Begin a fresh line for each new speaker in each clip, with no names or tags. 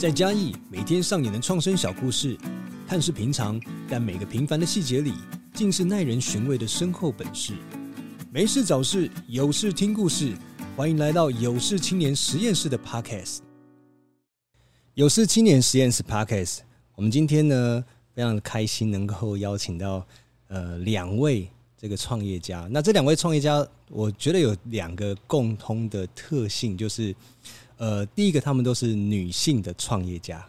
在嘉義每天上演的創生小故事，看似平常，但每個平凡的細節裡，盡是耐人尋味的深厚本事。沒事找事，有事聽故事，歡迎來到有事青年實驗室的 Podcast。有事青年實驗室 Podcast，我們今天呢非常開心能夠邀請到呃兩位這個創業家。那這兩位創業家，我覺得有兩個共通的特性，就是。呃，第一個，他們都是女性的創業家。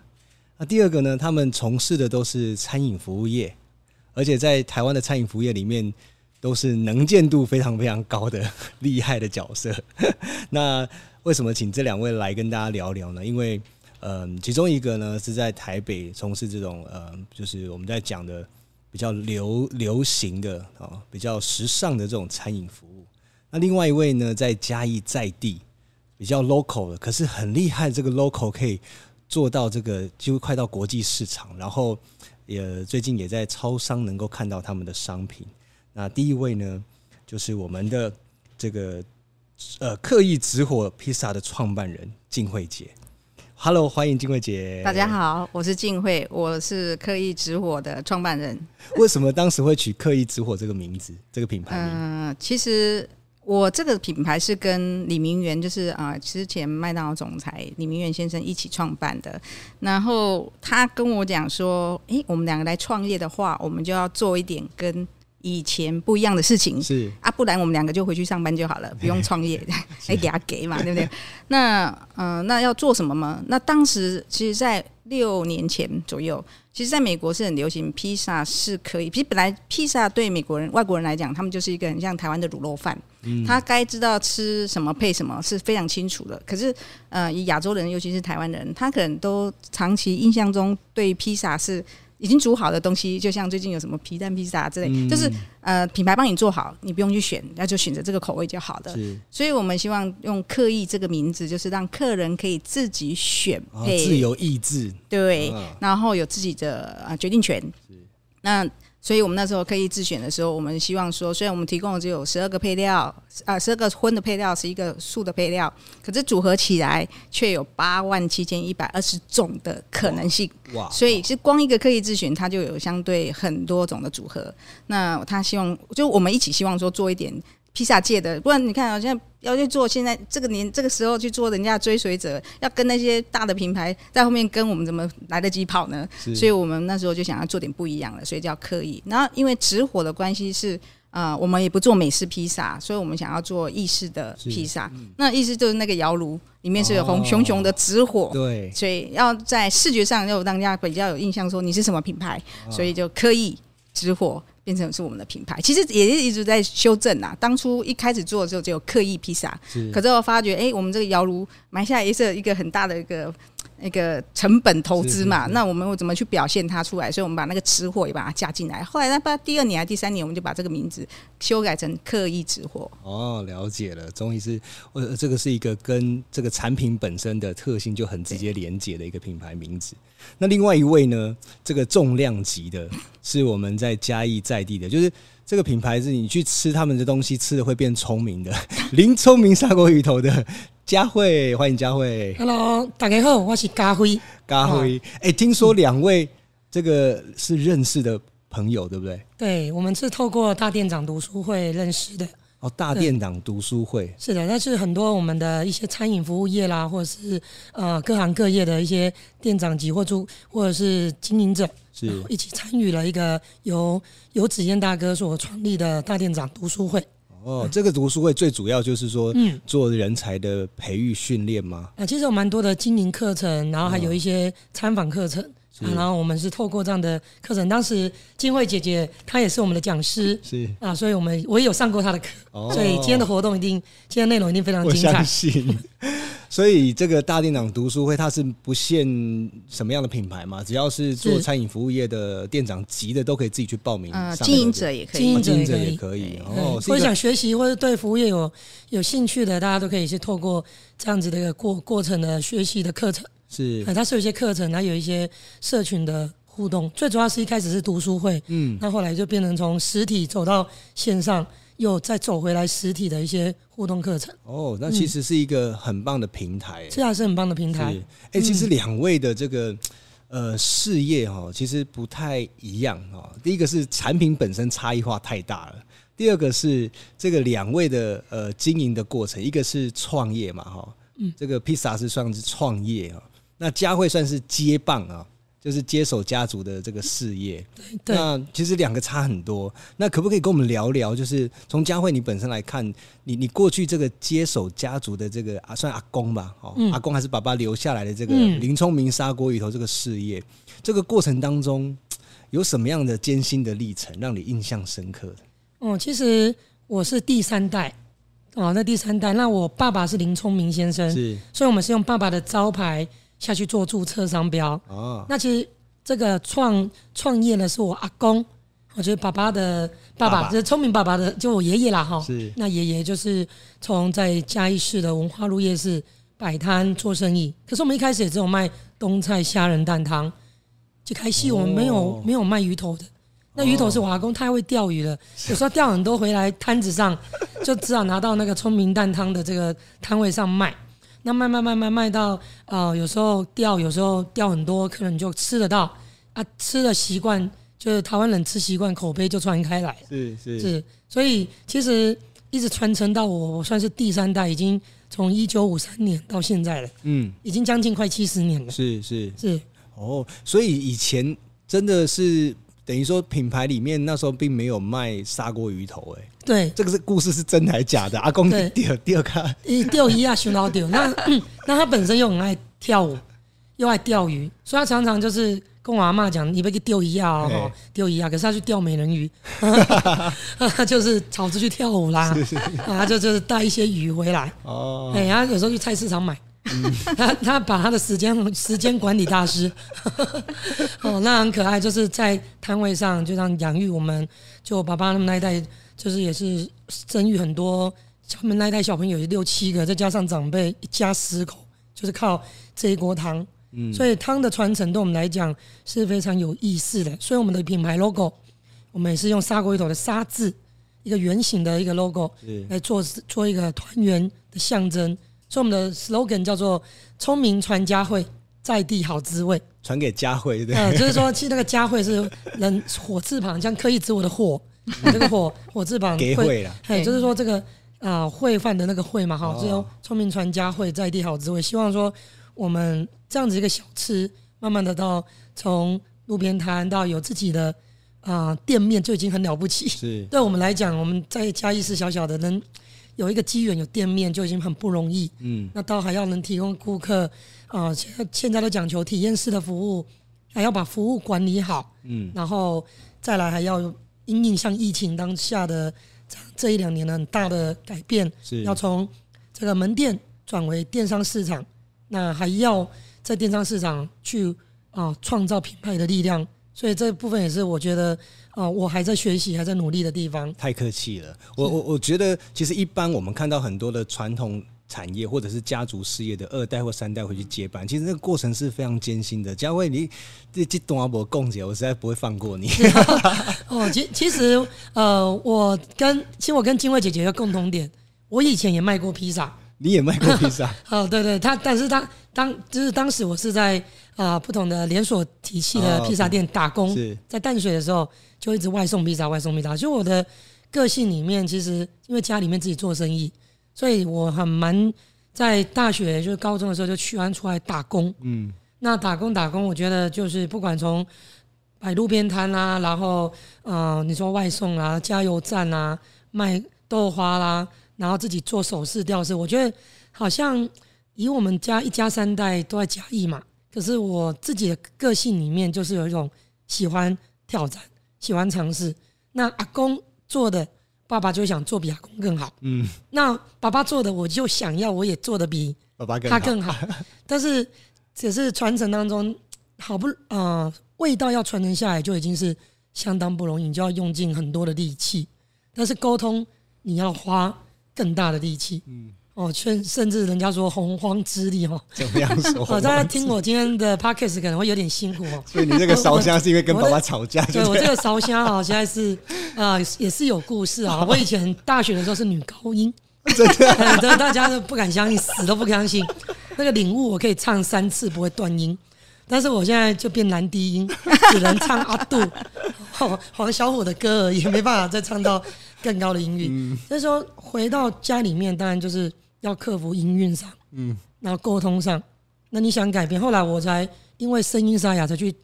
那第二個呢，他們從事的都是餐飲服務業，而且在台灣的餐飲服務業裡面，都是能見度非常非常高的厲害的角色。 那為什麼請這兩位來跟大家聊聊呢？因為，嗯、呃，其中一個呢是在台北從事這種呃，就是我們在講的比較流流行的啊、哦，比較時尚的這種餐飲服務。那另外一位呢，在嘉義在地。比較 local 的，可是很厲害。這個 local 可以做到這個幾乎快到國際市場，然後也最近也在超商能夠看到他們的商品。那第一位呢，就是我們的這個呃，客意直火披薩的創辦人靜蕙姐。Hello，歡迎靜蕙姐。大家
好，我是靜蕙，我是客意直火的創辦人。
為什麼當時會取“客意直火”這個名字？這個品
牌名？嗯、呃，其實。我這個品牌是跟李明源，就是啊、呃，之前麥當勞總裁李明源先生一起創辦的。然後他跟我講說，誒、欸，我們兩個來創業的話，我們就要做一點跟以前不一樣的事情，是啊，不然我們兩個就回去上班就好了，不用創業，哎，是， 給他給他嘛，對不對？ 那，嗯、呃，那要做什麼嗎？那當時其實，在六年前左右，其實在美國是很流行披薩，是可以，其實本來披薩對美國人、外國人來講，他們就是一個很像台灣的滷肉飯。嗯、他該知道吃什麼配什麼是非常清楚的。可是，呃，亞洲人尤其是台灣人，他可能都長期印象中對披薩是已經煮好的東西，就像最近有什麼皮蛋披薩之類，嗯、就是呃品牌幫你做好，你不用去選，那就選擇這個口味就好的。是所以，我們希望用“客意”這個名字，就是讓客人可以自己選配，哦、自由意
志。對，啊、
然後有自己的啊決定權。是那。所以我們那時候客意自選的時候，我們希望說，雖然我們提供的只有十二個配料，啊，十二個葷的配料，十一個素的配料，可是組合起來卻有八萬七千一百二十種的可能性。哇！Wow. Wow. 所以是光一個客意自選，它就有相對很多種的組合。那他希望，就我們一起希望說做一點。披薩界的，不然你看，哦，好像要去做現在這個年這個時候去做人家追隨者，要跟那些大的品牌在後面跟我們，怎麼來得及跑呢？是所以，我們那時候就想要做點不一樣的，所以叫客意。然後因為直火的關係是，呃，我們也不做美式披薩，所以我們想要做意式的披薩。嗯、那意思就是那個窑爐裡面是有紅熊熊的直火，哦、對，所以要在視覺上又讓大家比較有印象，說你是什麼品牌，所以就客意直火。哦直火，變成是我們的品牌，其實也是一直在修正啦。當初一開始做的時候只有客意披薩，是可最後發覺，哎、欸，我們這個窯爐買下來也是有一個很大的一個。那個成本投資嘛，是是是，那我們怎麼去表現它出來？所以，我們把那個直火也把它加進來。後來，那不第二年還第三年，我們就把這個名字修改成客意直火。
哦，了解了，終於是我這個是一個跟這個產品本身的特性就很直接連結的一個品牌名字。對那另外一位呢，這個重量級的是我們在嘉義在地的， 就是這個品牌是，你去吃他們的東西，吃的會變聰明的，林聰明砂鍋魚頭的。佳慧，歡迎佳慧。
Hello，大家好，我是佳慧。佳慧，
誒、欸，嗯、聽說兩位這個是認識的朋友，對不對？
對，我們是透過大店長讀書會認識的。
哦，大店長讀書會
是的，但是很多我們的一些餐飲服務業啦，或者是呃各行各業的一些店長級或主，或者是經營者，是一起參與了一個由由子彥大哥所創立的大店長讀書會。
哦，這個讀書會最主要就是說，嗯，做人才的培育訓練嗎？
啊、嗯呃，其實有蠻多的經營課程，然後還有一些參訪課程。嗯是啊，然後我們是透過這樣的課程，當時佳慧姐姐她也是我們的講師，是啊，所以我們我也有上過她的課，哦、所以今天的活動一定，今天內容一定非常精彩。相
信，所以這個大店長讀書會它是不限什麼樣的品牌嘛，只要是做餐飲服務業的店長級的都可以自己去報名，啊，經營者也可以，經營者也可以，哦，所以想學
習或者對服務業有有興趣的，大家都可以去透過這樣子的一個過過程的學習的課程。是，它是有一些課程，它有一些社群的互動，最主要是一開始是讀書會，嗯，那後來就變成從實體走到線上，又再走回來實體的一些互動課程。
哦，那其實是一個很棒的平台、欸，這還、嗯是，啊、是很棒的平台。哎、欸，其實兩位的這個、嗯、呃事業哈、喔，其實不太一樣哈、喔。第一個是產品本身差異化太大了，第二個是這個兩位的呃經營的過程，一個是創業嘛哈、喔，嗯，這個披薩是算是創業啊、喔。那佳慧算是接棒啊，就是接手家族的這個事業。對，對。那其實兩個差很多。那可不可以跟我們聊聊？就是從佳慧你本身來看，你你過去這個接手家族的這個啊，算阿公吧，哦，嗯、阿公還是爸爸留下來的這個林聰明沙鍋魚頭這個事業，嗯、這個過程當中有什麼樣的艱辛的歷程讓你印象深刻的？
哦、嗯，其實我是第三代哦，那第三代，那我爸爸是林聰明先生，是，所以我們是用爸爸的招牌。下去做註冊商標。哦、那其實這個創創業呢，是我阿公，我覺得爸爸的爸爸，這爸爸 是聰明爸爸的，就我爺爺啦。哈，是。那爺爺就是從在嘉義市的文化路夜市擺攤做生意。可是我們一開始也只有賣冬菜蝦仁蛋湯。就開始，我們沒有、哦、沒有賣魚頭的。那魚頭是我阿公太會釣魚了，哦、有時候釣很多回來，攤子上是 就只好拿到那個聰明蛋湯的這個攤位上賣。那慢慢慢慢賣到，啊、呃，有時候掉，有時候掉很多，客人就吃得到，啊，吃的習慣就是台灣人吃習慣，口碑就傳開來了。是是是，所以其實一直傳承到我算是第三代，已經從一九五三年到現在了，嗯，已經將近快七
十年了。是是是。哦，所以以前真的是。等於說，品牌裡面那時候並沒有賣砂鍋魚頭，哎，對，這個是故事是真還是假的？阿公釣第二個，
釣對較魚啊，熊釣， 那、嗯、那他本身又很愛跳舞，又愛釣魚，所以他常常就是跟我阿媽講：“你別去釣魚啊，釣、欸、魚啊。”可是他去釣美人魚， 就是炒出去跳舞啦，啊，是是 就就是帶一些魚回來哦、欸，哎，然後有時候去菜市場買。 他他把他的時間，時間管理大師哦， 那很可愛，就是在攤位上，就像養育我們就我爸爸他們那一代，就是也是生育很多，他們那一代小朋友有六七個，再加上長輩一家十口，就是靠這一鍋湯。嗯，所以湯的傳承對我們來講是非常有意思的。所以我們的品牌 logo，我們也是用砂鍋魚頭的“砂”字，一個圓形的一個 logo 來做做一個團圓的象徵。所以我們的 slogan 叫做“聰明傳佳慧，
在地好滋味”，傳給佳慧對、呃，就是說
其實那個佳慧是人火字旁，像客意直火我的火， 這個火火字旁。給會慧了，就是說這個啊，會、呃、飯的那個會嘛，哈，只有聰明傳佳慧，在地好滋味。希望說我們這樣子一個小吃，慢慢的到從路邊攤到有自己的啊、呃、店面，就已經很了不起。是對我們來講，我們再加一絲小小的能。有一個機緣，有店面就已經很不容易，嗯，那倒還要能提供顧客啊，現現在都講求體驗式的服務。還要把服務管理好，嗯，然後再來還要因應像疫情當下的這一兩年的很大的改變，是 要從這個門店轉為電商市場，那還要在電商市場去啊創造品牌的力量。所以這部分也是我覺得啊、呃，我還在學習，還在努力的地方。
太客氣了，我是我我覺得，其實一般我們看到很多的傳統產業或者是家族事業的二代或三代回去接班，其實那個過程是非常艱辛的。佳慧，你，你這這東阿伯共姐，我實在不會放過你。啊、
哦，其其實呃，我跟其實我跟靜蕙姐姐有共同點，我以前也賣過披薩，
你也賣過披薩。
哦，對對，他，但是他當就是當時我是在，啊，不同的連鎖體系的披薩店打工，okay, 是在淡水的時候就一直外送披薩，外送披薩。就我的個性裡面，其實因為家裡面自己做生意，所以我很蠻在大學，就是高中的時候就去完出來打工。嗯，那打工打工，我覺得就是不管從擺路邊攤啊，然後嗯、呃，你說外送啊，加油站啊，賣豆花啦、啊，然後自己做首飾吊飾，我覺得好像以我們家一家三代都在嘉義嘛。可是我自己的個性裡面就是有一種喜歡挑戰、喜歡嘗試。那阿公做的，爸爸就想做比阿公更好。嗯。那爸爸做的，我就想要，我也做得比他更好。爸爸更好。但是只是傳承當中，好不啊、呃，味道要傳承下來就已經是相當不容易，你就要用盡很多的力氣。但是溝通，你要花更大的力氣。嗯。哦，甚甚至人家說洪荒之力哦，怎麼樣說？哦，大家聽我今天的 podcast 可能會有點辛苦哦。所以你這個燒香是因為跟爸爸吵架對？對，我這個燒香啊，現在是啊、呃，也是有故事啊、哦。好我以前大學的時候是女高音，真的，大家都不敢相信，死都不相信。那個領悟，我可以唱三次不會斷音，但是我現在就變男低音，只能唱阿杜、哦、黃小琥的歌而已，沒辦法再唱到更高的音域。所以、嗯、說，回到家裡面，當然就是。要克服、營運上，嗯，然後溝通上，嗯、那你想改變？後來我才因為聲音沙啞，才去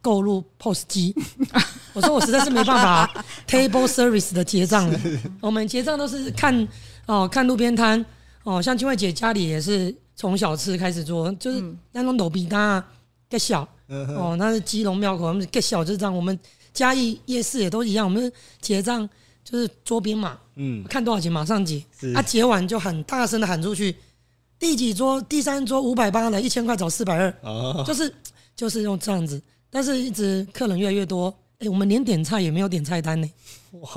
購入 POS 機。 我說我實在是沒辦法 table service 的結賬了。是我們結賬都是看哦，看路邊攤哦，像靜蕙姐家裡也是從小吃開始做，就是那種抖比桿啊，個小、嗯、哦，那是基隆廟口，我們麼個小智障，我們嘉義夜市也都一樣，我們結賬就是桌邊嘛。嗯，看多少錢馬上結，他是、啊、結完就很大聲的喊出去，第幾桌第三桌五百八的，一千塊找四百二，就是就是用這樣子，但是一直客人越來越多，哎、欸，我們連點菜也沒有點菜單呢，哇，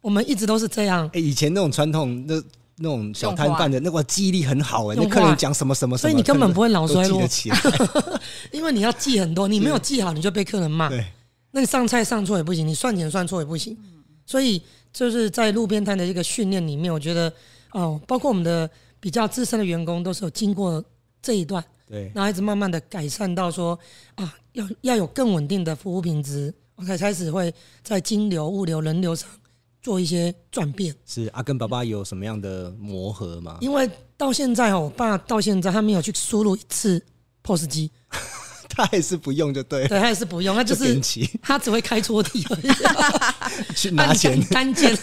我們一直都是這樣，哎、欸，以前那種傳統那那種小攤販的，話那個記憶力很好，哎，那客人講什麼什麼什麼，話所以你根本不會老衰
因為你要記很多，你沒有記好你就被客人罵，對，那你上菜上錯也不行，你算錢算錯也不行。所以就是在路邊攤的一個訓練裡面，我覺得哦，包括我們的比較資深的員工都是有經過這一段，對，那一直慢慢的改善到說啊，要要有更穩定的服務品質，我才開始會在金流、物流、人流上做一些轉變。
是阿跟爸爸有什麼樣的磨合嗎？因
為到現在哦，我爸到現在他沒有去輸入一次 POS 機。
他也是不用就對了，對，
他也是不用，那就是就他只會開抽屜而已，
去拿錢單
間，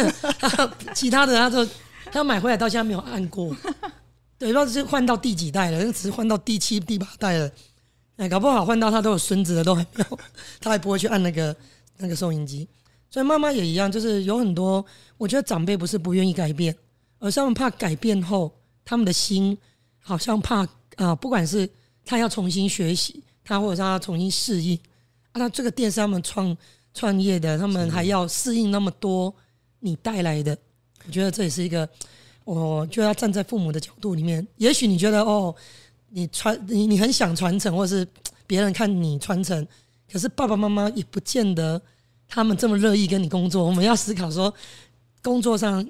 單其他的他都他買回來到現在沒有按過，對，不知道是換到第幾代了，那只是換到第七、第八代了，哎、欸，搞不好換到他都有孫子了，都還沒有，他還不會去按那個那個收音機，所以媽媽也一樣，就是有很多，我覺得長輩不是不願意改變，而是他們怕改變後，他們的心好像怕啊，不管是他要重新學習。他或者他重新適應啊，那這個店是他們創創業的，他們還要適應那麼多你帶來的，的我覺得這也是一個，我覺得要站在父母的角度裡面，也許你覺得哦，你傳你你很想傳承，或者是別人看你傳承，可是爸爸媽媽也不見得他們這麼樂意跟你工作，我們要思考說工作上。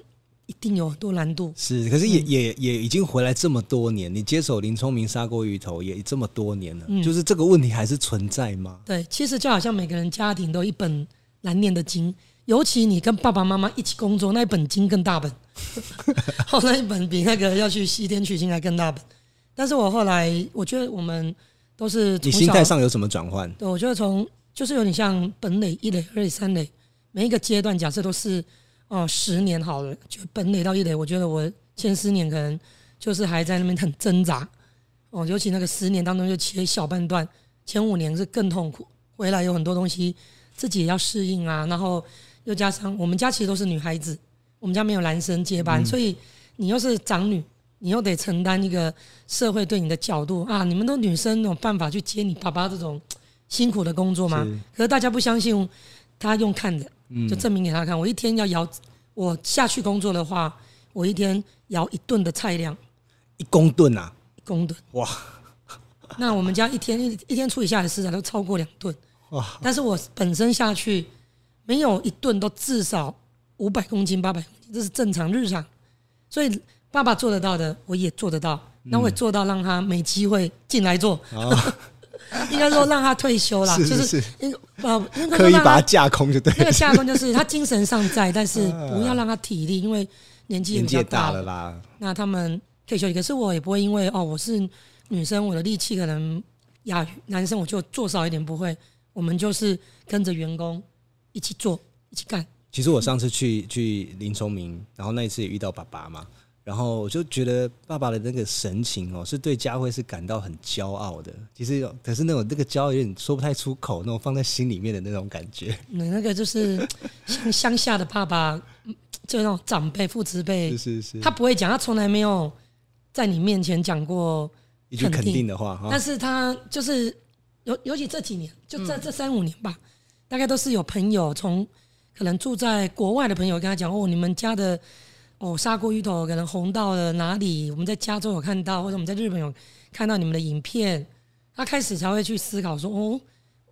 一定有很多難度是，
可是也、嗯、也也已經回來這麼多年，你接手林聰明沙鍋魚頭也這麼多年了，嗯、就是這個問題還是存在嗎？
對，其實就好像每個人家庭都有一本難念的經，尤其你跟爸爸媽媽一起工作，那一本經更大本，後來 一本比那個要去西天取經還更大本。但是我後來我覺得我們都是，你心態上有什麼轉換？對，我覺得從就是有點像本壘一壘二壘三壘，每一個階段假設都是。哦，十年好了，就本壘到一壘，我覺得我前十年可能就是還在那邊很掙扎。哦，尤其那個十年當中，就切小半段，前五年是更痛苦。回來有很多東西自己也要適應啊，然後又加上我們家其實都是女孩子，我們家沒有男生接班，嗯、所以你又是長女，你又得承擔一個社會對你的角度啊。你們都女生有辦法去接你爸爸這種辛苦的工作嗎？是可是大家不相信，他用看的。就證明給他看，我一天要搖，我下去工作的話，我一天搖一頓的菜量，
一公噸啊，一公噸。哇！
那我們家一天一一天處理下來的食材都超過兩噸。哇！但是我本身下去沒有一頓都至少五百公斤、八百公斤，這是正常日常。所以爸爸做得到的，我也做得到。嗯、那我也做到讓他沒機會進來做好。 應該說讓他退休了，就是呃，可以把他架
空就對。那個架
空就是他精神尚在，但是不要讓他體力，因為年紀也比較大了啦。那他們退休，可是我也不會因為哦，我是女生，我的力氣可能亞於男生，我就做少一點，不會。我們就是跟着員工一起做，一起幹。
其實我上次去去林聰明，然後那一次也遇到爸爸嘛。然後我就覺得爸爸的那個神情哦，是對佳慧是感到很驕傲的。其實有，可是那種這個驕傲有點說不太出口，那種放在心裡面的那種感覺。
你那個就是鄉鄉下的爸爸， 就那種長輩、父執輩，是是是，他不會講，他從來沒有在你面前講過一句肯定的話。哈，但是他就是尤尤其這幾年，就在這這三五年吧，嗯、大概都是有朋友從可能住在國外的朋友跟他講哦，你們家的。哦，沙鍋魚頭可能紅到了哪裡？我們在加州有看到，或者我們在日本有看到你們的影片，他、啊、開始才會去思考說，哦，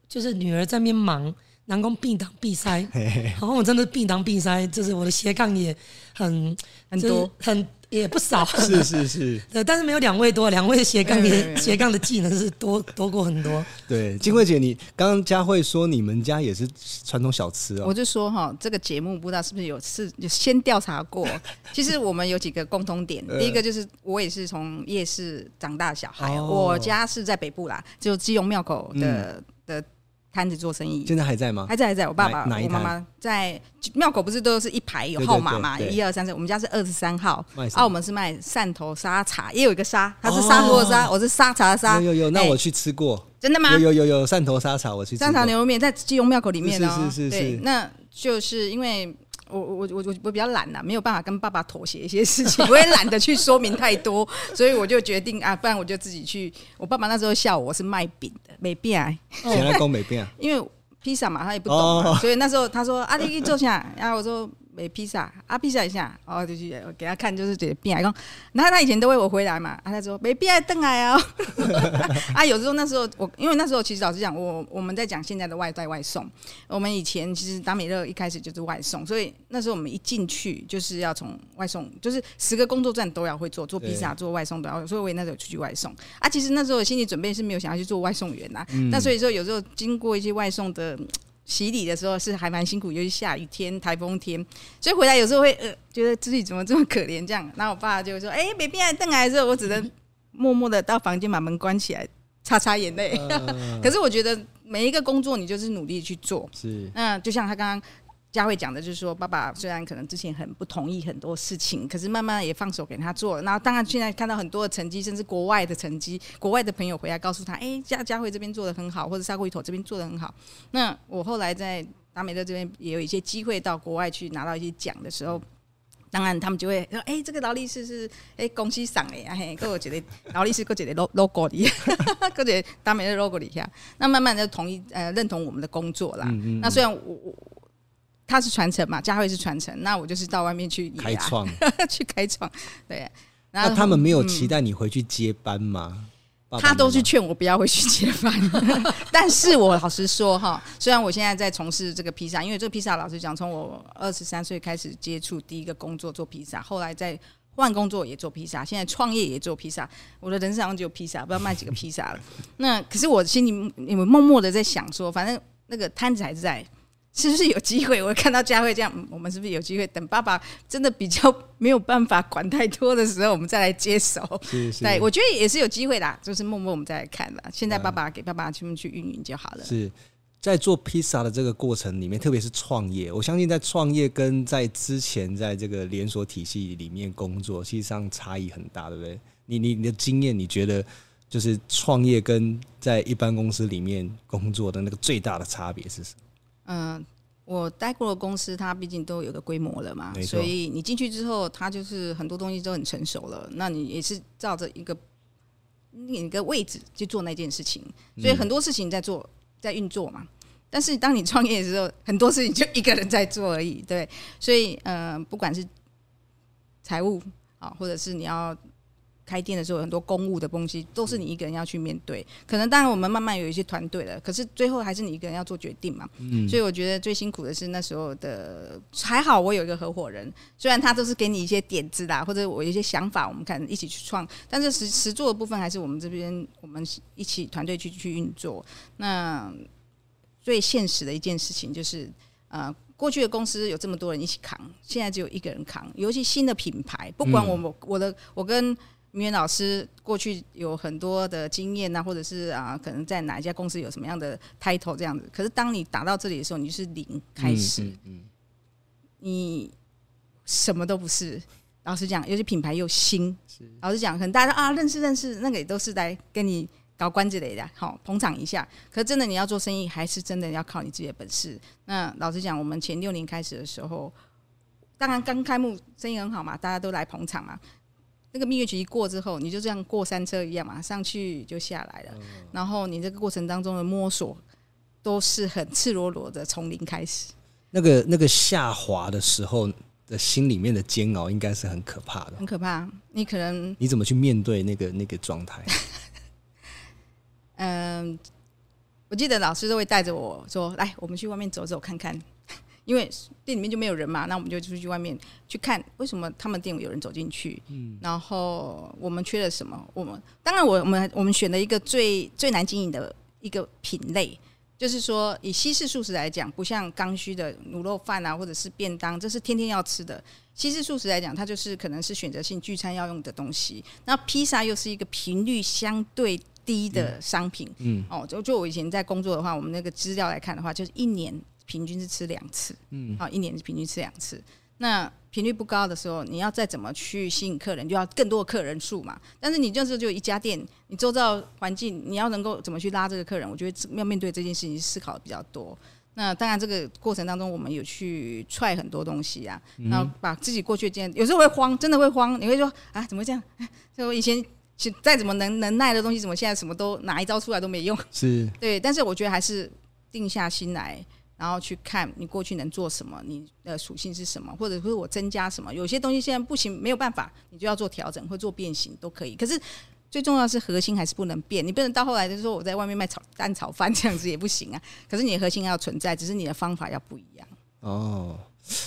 就是女兒在那邊忙，男工必擋必塞，然後、 哦、我真的是必擋必塞，就是我的斜槓也很很多很。也不少， 是是是，對，但是沒有兩位多，兩位的斜槓也斜槓、嗯、的技能是多、嗯、多過很
多。對，靜蕙姐，你剛剛佳慧說你們家也是傳統小吃啊、哦嗯，我
就說哈，這個節目不知道是不是有事先調查過，其實我們有幾個共通點， 呃、第一個就是我也是從夜市長大的小孩，哦、我家是在北部啦，就基隆廟口的的。嗯攤子做生意、嗯，現在還在嗎？還在，還在。我爸爸、我媽媽在廟口，不是都是一排有號碼嘛？一二三，四，1 1, 2, 3, 4, 我們家是二十三號。我們、啊、是賣汕頭沙茶，也有一個沙，他是沙鍋的沙，哦、我是沙茶的沙。有，有有，那我
去吃過，
欸、真的嗎？有有
有，有汕頭沙茶我去汕
頭。牛肉麵，在基隆廟口裡面呢是是是，是，是，那就是因為。我我我我我比較懶了、啊，沒有辦法跟爸爸妥協一些事情，我也懶得去說明太多， 所以我就決定啊，不然我就自己去。我爸爸那時候笑我，我是賣餅的沒變，想來都沒變， 因為披薩嘛，他也不懂，哦哦哦哦，所以那時候他說：“阿、啊、力，你坐下。啊”然後我說。誒、欸，披薩啊，披薩一下，哦，就是給他看，就是直接變來。然後他以前都會我回來嘛，啊，他說沒必要等來、哦、 啊。啊，有時候那時候我，因為那時候其實老實講，我我們在講現在的外帶外送，我們以前其實達美樂一開始就是外送，所以那時候我們一進去就是要從外送，就是十個工作站都要會做，做披薩做外送都要。所以我也那時候出去外送啊，其實那時候心理準備是沒有想要去做外送員吶。嗯、那所以說有時候經過一些外送的。洗禮的時候是還蠻辛苦，尤其下雨天、台風天，所以回來有時候會呃覺得自己怎麼這麼可憐這樣。然後我爸就會說：“哎、欸，沒必要，鄧來的時候我只能默默的到房間把門關起來，擦擦眼淚。呃、 可是我覺得每一個工作你就是努力去做，是。嗯，就像他剛剛。佳慧講的就是說，爸爸雖然可能之前很不同意很多事情，可是慢慢也放手給他做了。那當然，現在看到很多的成績，甚至國外的成績，國外的朋友回來告訴他：“哎、欸，佳佳慧這邊做的很好，或者沙鍋魚頭這邊做的很好。”那我後來在達美樂這邊也有一些機會到國外去拿到一些獎的時候，當然他們就會說：“哎、欸，這個勞力士是哎恭喜上哎。欸”哎，哥哥姐，得勞力士哥哥覺得 logo 底下，姐達美樂 logo 底下。那慢慢的同意呃認同我們的工作啦。嗯嗯嗯那雖然我我。他是傳承嘛，佳慧是傳承，那我就是到外面去、啊、開創創，去開創，對。那他們沒有期待
你回去接班嗎？嗯、他都
是勸我不要回去接班， 但是我老實說哈，雖然我現在在從事這個披薩，因為這個披薩，老實講，從我二十三歲開始接觸第一個工作做披薩，後來再換工作也做披薩，現在創業也做披薩，我的人生好像只有披薩，不知道賣幾個披薩了。 那可是我心裡，你們默默的在想說，反正那個攤子還是在，是不是有機會？我看到佳慧這樣，嗯、我們是不是有機會？等爸爸真的比較沒有辦法管太多的時候，我們再來接手。是，是。對，我覺得也是有機會的，就是默默我們再來看了。現在爸爸給爸爸去去運營就好了。嗯、是
在做披薩的這個過程裡面，嗯、特別是創業，我相信在創業跟在之前在這個連鎖體系裡面工作，實際上差異很大，對不對？你你你的經驗，你覺得就是創業跟在一般公司裡面工作的那個最大的差別是什麼？
嗯、呃，我待過的公司，它畢竟都有個規模了嘛，沒錯。所以你進去之後，它就是很多東西都很成熟了。那你也是照着一個另一個位置去做那件事情，所以很多事情在做，在運作嘛。嗯、但是當你創業的時候，很多事情就一個人在做而已，對。所以，嗯、呃，不管是財務啊，或者是你要。開店的時候，很多公務的東西都是你一個人要去面對。可能當然我們慢慢有一些團隊了，可是最後還是你一個人要做決定嘛。嗯，所以我覺得最辛苦的是那時候的，還好我有一個合夥人，雖然他都是給你一些點子啦，或者我有一些想法，我們看一起去創。但是實實做的部分還是我們這邊我們一起團隊去去運作。那最現實的一件事情就是，呃，過去的公司有這麼多人一起扛，現在只有一個人扛。尤其新的品牌，不管我們我的我跟。明遠老師過去有很多的經驗吶、啊，或者是啊，可能在哪一家公司有什麼樣的 title 這樣子。可是當你打到這裡的時候，你是零開始，嗯嗯嗯、你什麼都不是。老實講，有些品牌又新，是老實講，可能大家啊認識認識，那個也都是來跟你搞關係之類的，好捧場一下。可是真的你要做生意，還是真的要靠你自己的本事。那老實講，我們前六年開始的時候，當然剛開幕生意很好嘛，大家都來捧場嘛。那個蜜月期一過之後，你就像過山車一樣嘛，上去就下來了。然後你這個過程當中的摸索，都是很赤裸裸的從零開始。
那個那個下滑的時候的心裡面的煎熬，應該是很可怕的。很
可怕，你可能
你怎麼去面對那個那個狀態？
嗯，我記得老師都會帶着我說：“來，我們去外面走走看看。”因為店裡面就沒有人嘛，那我們就出去外面去看為什麼他們店有人走進去，嗯，然後我們缺了什麼？我們當然我我們我們選了一個最最難經營的一個品類，就是說以西式素食來講，不像剛需的滷肉飯啊或者是便當，這是天天要吃的。西式素食來講，它就是可能是選擇性聚餐要用的東西。那披薩又是一個頻率相對低的商品，嗯，哦，就就我以前在工作的話，我們那個資料來看的話，就是一年。平均是吃兩次，嗯，好、哦，一年是平均吃兩次。那頻率不高的時候，你要再怎麼去吸引客人，你就要更多的客人數嘛。但是你就是就一家店，你周遭環境，你要能夠怎麼去拉這個客人？我覺得要面對這件事情思考的比較多。那當然，這個過程當中我們有去踹很多東西呀、啊，然後把自己過去的經驗，有時候會慌，真的會慌。你會說啊，怎麼這樣？就、啊、以，以前再怎麼能能耐的東西，怎麼現在什麼都拿一招出來都沒用。是對，但是我覺得還是定下心來。然後去看你過去能做什麼，你的屬性是什麼，或者說我增加什麼？有些東西現在不行，沒有辦法，你就要做調整，或做變形都可以。可是最重要的是核心還是不能變，你不能到後來就是說我在外面賣炒蛋炒飯這樣子也不行啊。 可是你的核心要存在，只是你的方法要不一樣。
哦，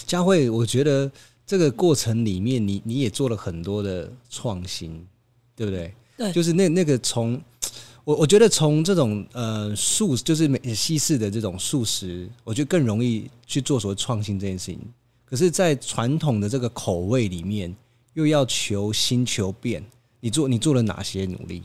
佳慧，我覺得這個過程裡面你，你你也做了很多的創新，對不對？對，就是那那個從。我我覺得從這種呃素就是美西式的這種素食，我覺得更容易去做所謂創新這件事情。可是，在傳統的這個口味裡面，又要求新求變，你做你做了哪些努力？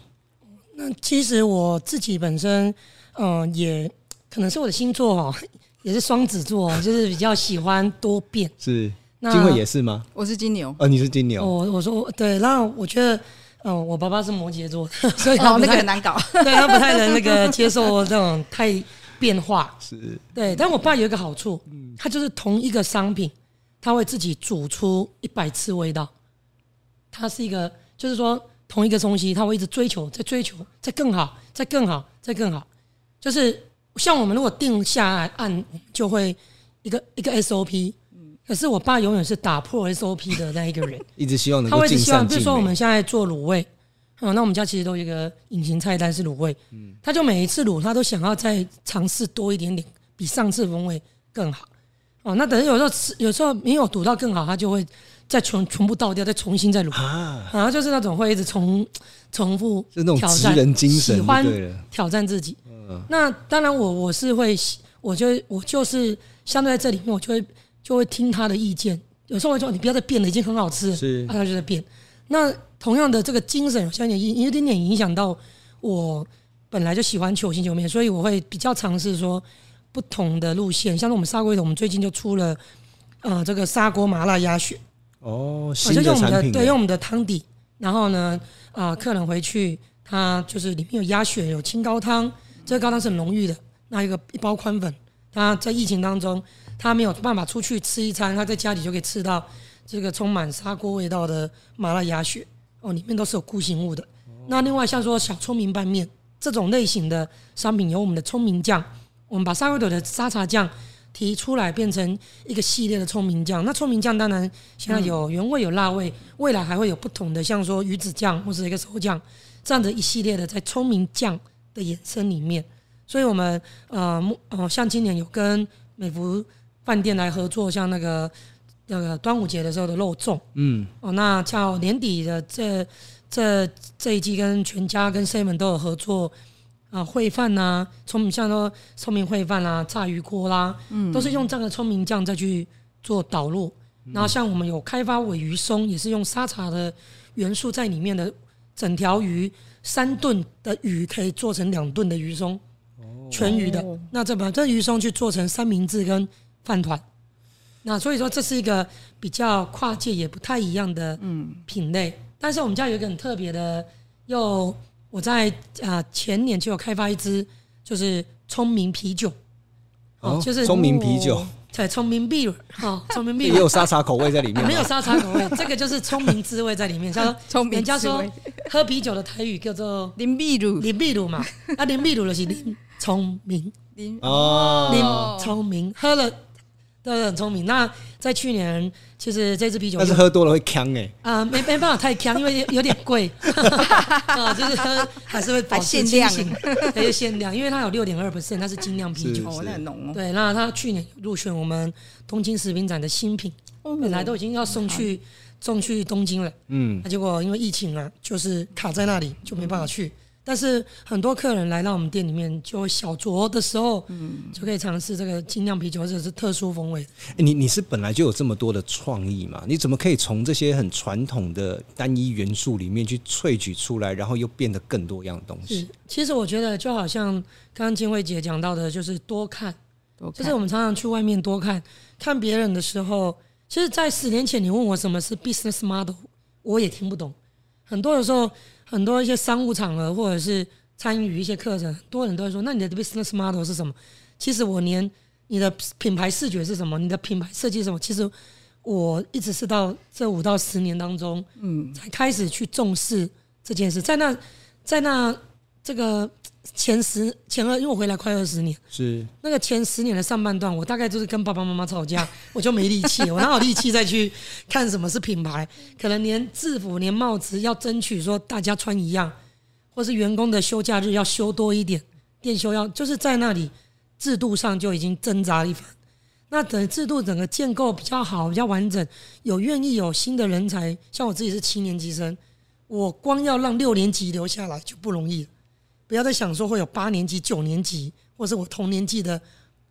那其實我自己本身，嗯、呃，也可能是我的星座哦、喔，也是雙子座、喔，就是比較喜歡多變。 那是，佳慧也是嗎？我是金牛。呃、哦，你是金牛。我我說對，那我覺得。嗯、哦，我爸爸是摩羯座，所以他，哦，那個很難搞，對他不太能那個接受這種太變化。是，對，但我爸有一個好處，他就是同一個商品，他會自己煮出一百次味道。他是一個，就是說同一個東西，他會一直追求，再追求，再更好，再更好，再更好。就是像我們如果定下來按，就會一個一個 SOP。可是我爸永遠是打破 SOP 的那一個人， 一直希望能
夠盡善盡美。他會一直希望，比如說我們現
在做滷味，嗯、那我們家其實都有一個隱形菜單是滷味，嗯，他就每一次滷，他都想要再嘗試多一點點，比上次風味更好。哦，那等於有時候吃，有時候沒有滷到更好，他就會再重、全部倒掉，再重新再滷啊，然後就是那種會一直重重複，就那種職人精神對，喜歡挑戰自己。嗯、那當然我我是會，我就我就是相對在這裡面，我就會。就會聽他的意見，有時候會說你不要再變了，已經很好吃是、啊，他就在變。那同樣的這個精神有像點，像也也有一點點影響到我本來就喜歡求新求變，所以我會比較嘗試說不同的路線。像我們砂鍋麵，我們最近就出了啊、呃、這個砂鍋麻辣鴨血
哦，啊、就是用我們的對
用我們的湯底，然後呢啊、呃、客人回去，它就是裡面有鴨血有清高湯，這個高湯是很濃郁的。那一個一包寬粉，它在疫情當中。他沒有辦法出去吃一餐，他在家裡就可以吃到這個充滿砂鍋味道的麻辣鴨血哦，裡面都是有固形物的。那另外像說小聰明拌面這種類型的商品，有我們的聰明醬，我們把砂鍋底的沙茶醬提出來，變成一個系列的聰明醬。那聰明醬當然現在有原味、有辣味，未來還會有不同的，像說魚子醬或者一個熟醬這樣的一系列的，在聰明醬的衍生裡面。所以我們呃，呃、哦、像今年有跟美福。飯店來合作，像那個那個端午節的時候的肉粽，嗯，哦，那叫年底的這這這一季，跟全家跟 seven 都有合作啊，燴飯吶，聰明像說聰明燴飯啦，炸魚鍋啦，嗯，都是用這個聰明醬再去做導入。嗯、然後像我們有開發尾魚鬆，也是用沙茶的元素在裡面的整，整條魚三頓的魚可以做成兩頓的魚鬆，
哦，全魚的。
哦、那再把這魚鬆去做成三明治跟。飯糰，那所以說這是一個比較跨界也不太一樣的嗯品類，嗯、但是我們家有一個很特別的，又我在啊前年就有開發一支就是聰明啤酒，哦，就是聰明啤酒，對，聰明啤酒，好、哦，聰明啤酒也有沙茶口味在裡面。啊，沒有沙茶口味，這個就是聰明滋味在裡面。他說，人家說喝啤酒的台語叫做林碧乳。林碧乳嘛，那林碧乳就是林聰明，
林哦，林
聰明喝了。都很聰明。那在去年，其實這支啤酒但是喝
多了會嗆哎。
啊，沒沒辦法太嗆， 因為有點貴。 啊，就是喝還是會保持清醒，還限量，因為它有六點二 percent 它是精釀啤酒，哦，那很濃。對，那它去年入選我們東京食品展的新品，本來都已經要送去送、嗯、去東京了，嗯，那結果因為疫情啊，就是卡在那裡，就沒辦法去。嗯但是很多客人來到我們店裡面就小酌的時候，嗯，就可以嘗試這個精釀啤酒或者是特殊風味、
嗯。你你是本來就有這麼多的創意嘛？你怎麼可以從這些很傳統的單一元素裡面去萃取出來，然後又變得更多樣的東西、
嗯？其實我覺得就好像剛剛靜蕙姐講到的，就是多看，就是我們常常去外面多看看別人的時候，其實，在十年前你問我什麼是 business model，我也聽不懂。很多的時候。很多一些商務場合，或者是參與一些課程，很多人都會說：“那你的 business model 是什麼？”其實我連你的品牌視覺是什麼，你的品牌設計是什麼，其實我一直是到這五到十年當中，嗯，才開始去重視這件事。在那，在那這個。前十前二，因為我回來快二十年，是那個前十年的上半段，我大概就是跟爸爸媽媽吵架， 我就沒力氣，我哪有力氣再去看什麼是品牌，可能連制服、連帽子要爭取說大家穿一樣，或是員工的休假日要休多一點，店休要就是在那裡制度上就已經掙扎了一番。那等制度整個建構比較好、比較完整，有願意有新的人才，像我自己是七年級生，我光要讓六年級留下來就不容易了。不要再想說會有八年級、九年級，或是我同年級的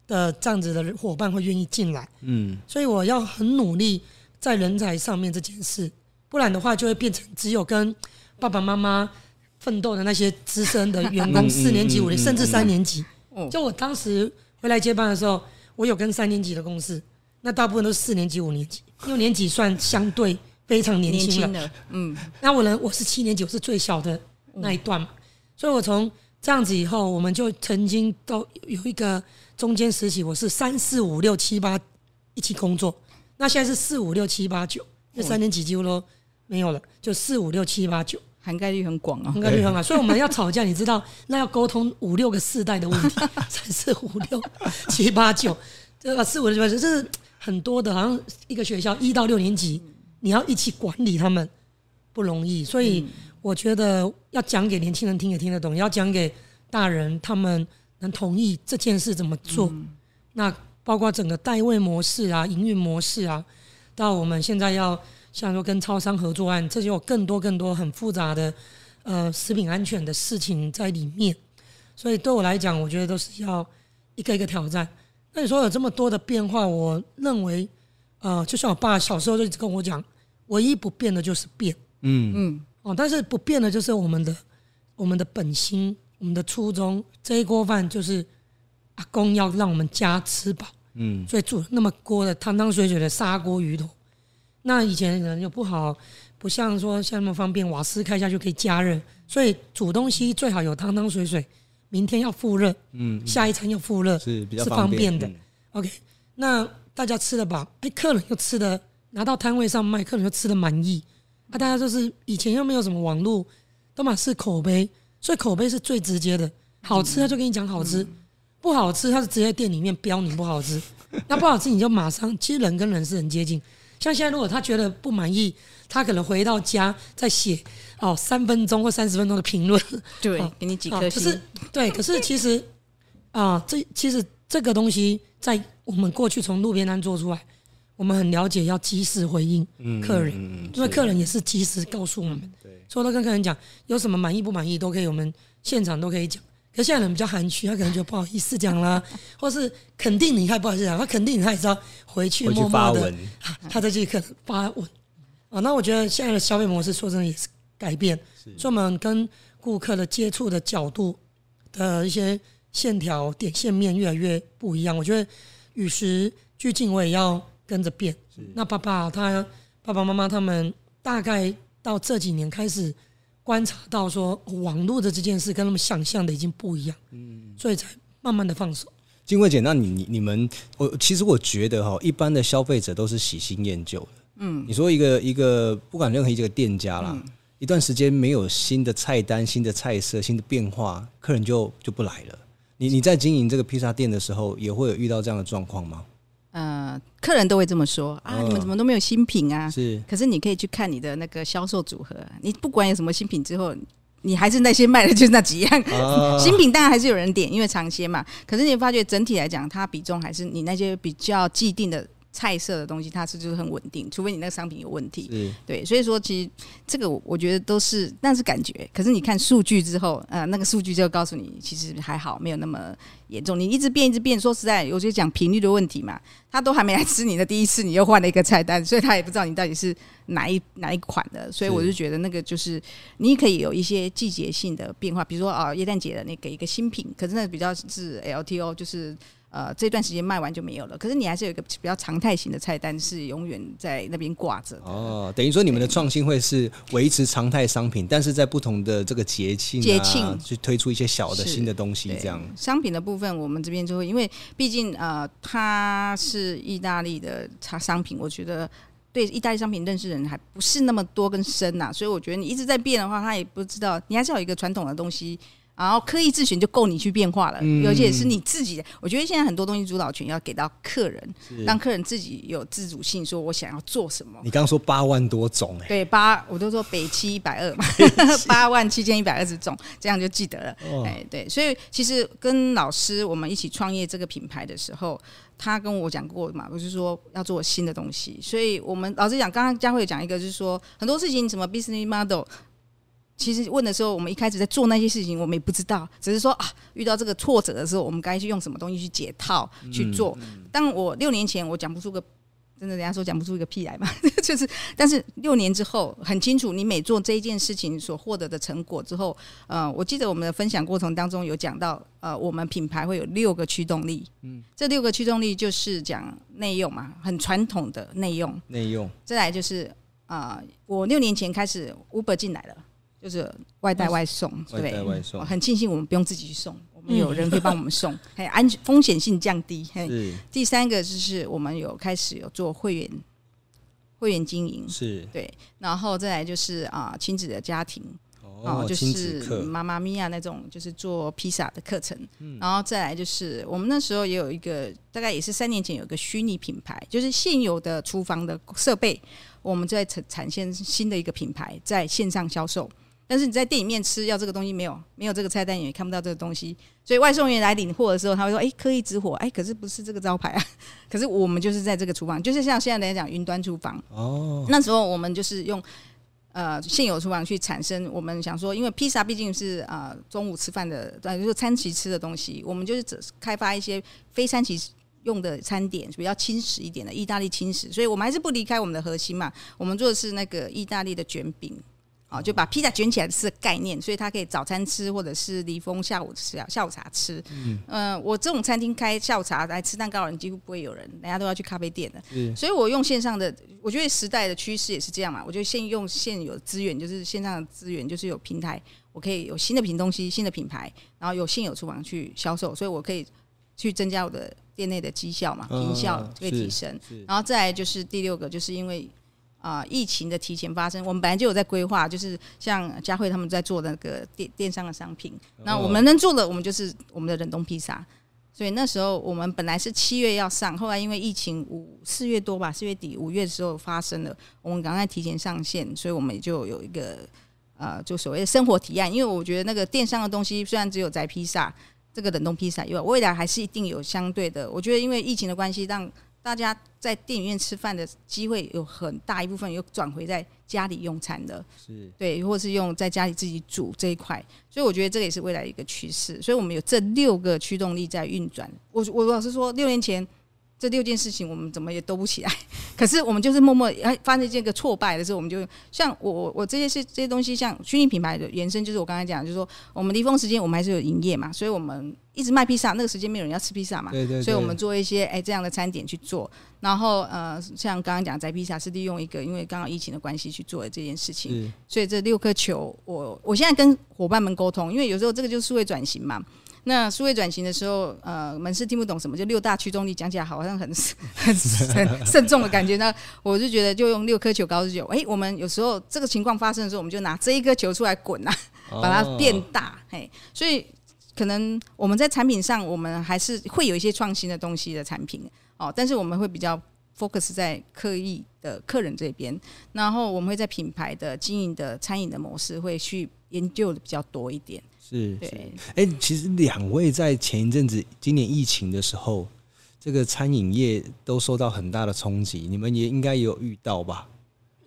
的這樣子的夥伴會願意進來。嗯，所以我要很努力在人才上面這件事，不然的話就會變成只有跟爸爸媽媽奮鬥的那些資深的員工四年級、五年 甚至三年級。就我當時回來接班的時候，我有跟三年級的公司，那大部分都是四年級、五年級、六年級，算相對非常年輕的，年輕的。嗯，那我呢，我是七年級，我是最小的那一段。嗯所以，我從這樣子以後，我們就曾經都有一個中間時期，我是三四五六七八一起工作。那現在是四五六七八九，這三年級幾乎都、嗯、沒有了，就四五六七八九，涵蓋率很廣啊，涵蓋率很好。欸、所以我們要吵架，你知道，那要溝通五六個世代的問題，三四五六七八九，這個四五六七八九這是很多的，好像一個學校一到六年級，你要一起管理他們不容易，所以。嗯我覺得要講給年輕人聽也聽得懂，要講給大人他們能同意這件事怎麼做。嗯、那包括整個代位模式啊、營運模式啊，到我們現在要像說跟超商合作案，這些有更多更多很複雜的呃食品安全的事情在裡面。所以對我來講，我覺得都是要一個一個挑戰。那你說有這麼多的變化，我認為呃，就像我爸小時候就一直跟我講，唯一不變的就是變。嗯嗯。哦，但是不變的就是我們的，我們的本心，我們的初衷。這一鍋飯就是阿公要讓我們家吃飽，嗯，所以煮那麼鍋的湯湯水水的砂鍋魚頭。那以前人又不好，不像說像那麼方便，瓦斯開一下就可以加熱，所以煮東西最好有湯湯水水。明天要復熱、嗯，嗯，下一餐要復熱是比較方便，方便的。嗯、OK，那大家吃得飽，哎、欸，客人又吃得拿到攤位上賣，客人又吃得滿意。啊，大家就是以前又沒有什麼網絡，都嘛是口碑，所以口碑是最直接的。好吃他就跟你講好吃，嗯嗯、不好吃他就直接在店裡面標你不好吃， 那不好吃你就馬上。其實人跟人是很接近，像現在如果他覺得不滿意，他可能回到家再寫哦三分鐘或三十分鐘的評論。對，哦、給你幾顆星、哦、可是對，可是其實啊、哦，這其實這個東西在我們過去從路邊攤做出來。我們很了解，要及時回應
客人，因為、嗯嗯啊、客
人也是及時告訴我們。所以對，說都跟客人講有什麼滿意不滿意都可以，我們現場都可以講。可是現在人比較含蓄，他可能覺得不好意思講啦，或是肯定你，看不好意思講，他肯定他也知道回去默默的，啊、他在這一刻發文。啊，那我覺得現在的消費模式說真的也是改變，是所以我們跟顧客的接觸的角度的一些線條、點、線、面越來越不一樣。我覺得與時俱進，我也要。跟着變，是那爸爸他爸爸媽媽他們大概到這幾年開始觀察到說網絡的這件事跟他們想象的已經不一樣，嗯，嗯，所以才慢慢的放手。
靜蕙姐，那你你你們，我其實我覺得哈，一般的消費者都是喜新厭舊的，嗯，你說一個一個不管任何一個店家啦，嗯、一段時間沒有新的菜單、新的菜色、新的變化，客人就就不來了。你你在經營這個披薩店的時候，也會有遇到這樣的狀況嗎？
呃，客人都會這麼說啊，你們怎麼都沒有新品啊？嗯、是，可是你可以去看你的那個銷售組合，你不管有什麼新品之後，你還是那些賣的，就是那幾樣。嗯、新品當然還是有人點，因為嘗鮮嘛。可是你會發覺整體來講，它比重還是你那些比較既定的。菜色的東西，它是就是很穩定，除非你那個商品有問題。嗯，對，所以說其實這個我覺得都是，但是感覺。可是你看數據之後，呃，那個數據就告訴你，其實還好，沒有那麼嚴重。你一直變，一直變，說實在，我覺得講頻率的問題嘛。他都還沒來吃你的第一次，你又換了一個菜單，所以他也不知道你到底是哪一哪一款的。所以我就覺得那個就是，你可以有一些季節性的變化，比如說啊，耶誕節的你給一個新品，可是那個比較是 LTO，就是。呃，這段時間賣完就沒有了。可是你還是有一個比較常態型的菜單，是永遠在那邊掛着。哦，
等於說你們的創新會是維持常態商品，對但是在不同的這個節慶、啊，節慶去推出一些小的新的東西，這樣對。
商品的部分，我們這邊就會，因為畢竟呃，它是意大利的產商品，我覺得對意大利商品認識的人還不是那麼多跟深吶、啊，所以我覺得你一直在變的話，他也不知道。你還是有一個傳統的東西。然後，客意自選就夠你去變化了，而且是你自己的。我覺得現在很多東西主導權要給到客人，讓客人自己有自主性，說我想要做什麼。你
剛剛說八萬多種、欸，
對，八，我都說北七一百二嘛，八萬七千一百二十種，這樣就記得了。哎，哦、對，所以其實跟老師我們一起創業這個品牌的時候，他跟我講過嘛，就是說要做新的東西。所以我們老實講，剛剛佳慧講一個，就是說很多事情，什麼 business model。其實問的時候，我們一開始在做那些事情，我們也不知道，只是說啊，遇到這個挫折的時候，我們該去用什麼東西去解套去做。當我六年前我講不出個，真的，人家說講不出一個屁來嘛，就是。但是六年之後，很清楚你每做這一件事情所獲得的成果之後，呃，我記得我們的分享過程當中有講到，呃，我們品牌會有六個驅動力，嗯，這六個驅動力就是講內用嘛，很傳統的內用，內用。再來就是啊、呃，我六年前開始 Uber 進來了。或者外帶外送，外外送對，外送、嗯、很慶幸我們不用自己去送，我們、嗯、有人可以幫我們送，還有 安全風險性降低是嘿。第三個就是我們有開始有做會員會員經營，是對，然後再來就是啊親子的家庭，哦、啊，就是媽媽咪呀那種就是做披薩的課程，嗯、然後再來就是我們那時候也有一個，大概也是三年前有一個虛擬品牌，就是現有的廚房的設備，我們在產產生新的一個品牌在線上銷售。但是你在店裡面吃要這個東西沒有，沒有這個菜單也看不到這個東西，所以外送員來領貨的時候他會說：“誒、欸，客意直火，誒、欸，可是不是這個招牌啊。”可是我們就是在這個廚房，就是像現在人家講雲端廚房。哦。Oh. 那時候我們就是用呃現有廚房去產生，我們想說，因為披薩畢竟是呃中午吃飯的，對，就是餐期吃的東西。我們就是只開發一些非餐期用的餐點，比較輕食一點的意大利輕食，所以我們還是不離開我們的核心嘛。我們做的是那個意大利的卷餅。哦，就把披薩捲起來吃的概念，所以它可以早餐吃，或者是離峰下午吃，下午茶吃。嗯、呃，我這種餐廳開下午茶來吃蛋糕的人幾乎不會有人，人家都要去咖啡店的。是所以我用線上的，我覺得時代的趨勢也是這樣嘛。我覺得現用現有的資源，就是線上的資源，就是有平台，我可以有新的品東西、新的品牌，然後有現有廚房去銷售，所以我可以去增加我的店內的績效嘛，坪效可以提升。呃、然後再來就是第六個，就是因為。啊、呃，疫情的提前發生，我們本來就有在規劃，就是像佳慧他們在做那個電電商的商品，哦、那我們能做的，我們就是我們的冷凍披薩。所以那時候我們本來是七月要上，後來因為疫情，五四月多吧，四月底五月的時候發生了，我們趕快提前上線，所以我們就有一個呃，就所謂的生活提案。因為我覺得那個電商的東西雖然只有在披薩這個冷凍披薩以外，因為未來還是一定有相對的。我覺得因為疫情的關係讓。大家在電影院吃飯的機會有很大一部分又轉回在家裡用餐的，對，或是用在家裡自己煮這一塊，所以我覺得這個也是未來一個趨勢。所以我們有這六個驅動力在運轉。我我老實說，六年前。這六件事情我們怎麼也兜不起來，可是我們就是默默哎，發生這個挫敗的時候，我們就像我我我這些是這些東西，像虛擬品牌的延伸，就是我剛才講，就是說我們離峰時間我們還是有營業嘛，所以我們一直賣披薩，那個時間沒有人要吃披薩嘛，對對，所以我們做一些哎，這樣的餐點去做，然後呃，像剛剛講宅披薩是利用一個，因為剛好疫情的關係去做的這件事情，所以這六顆球，我我現在跟夥伴們溝通，因為有時候這個就是數位轉型嘛。那數位轉型的時候，呃，門市聽不懂什麼，就六大驅動力講起來好像很很很慎重的感覺。 那我就覺得就用六顆球搞事情。哎、欸，我們有時候這個情況發生的時候，我們就拿這一顆球出來滾啊，把它變大。Oh. 嘿，所以可能我們在產品上，我們還是會有一些創新的東西的產品哦，但是我們會比較 focus 在客意的客人這邊，然後我們會在品牌的經營的餐飲的模式會去研究的比較多一點。
是，哎對、欸，其實兩位在前一陣子，今年疫情的時候，這個餐飲業都受到很大的衝擊，你們也應該有遇到吧？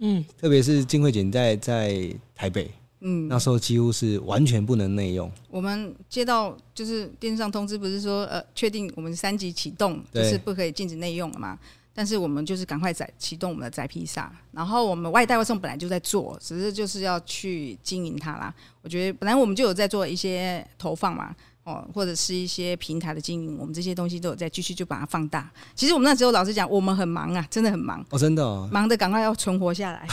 嗯，
特別是佳慧姐在在台北，嗯，那時候幾乎是完全不能內用。
我們接到就是電視上通知，不是說呃，確定我們三級啟動，就是不可以禁止內用了嗎？但是我們就是趕快在啟動我們的宅披薩，然後我們外帶外送本來就在做，只是就是要去經營它啦。我覺得本來我們就有在做一些投放嘛。哦，或者是一些平台的經營，我們這些東西都有在繼續，就把它放大。其實我們那時候老實講，我們很忙啊，真的很忙
哦，真的、哦，忙
得趕快要存活下來，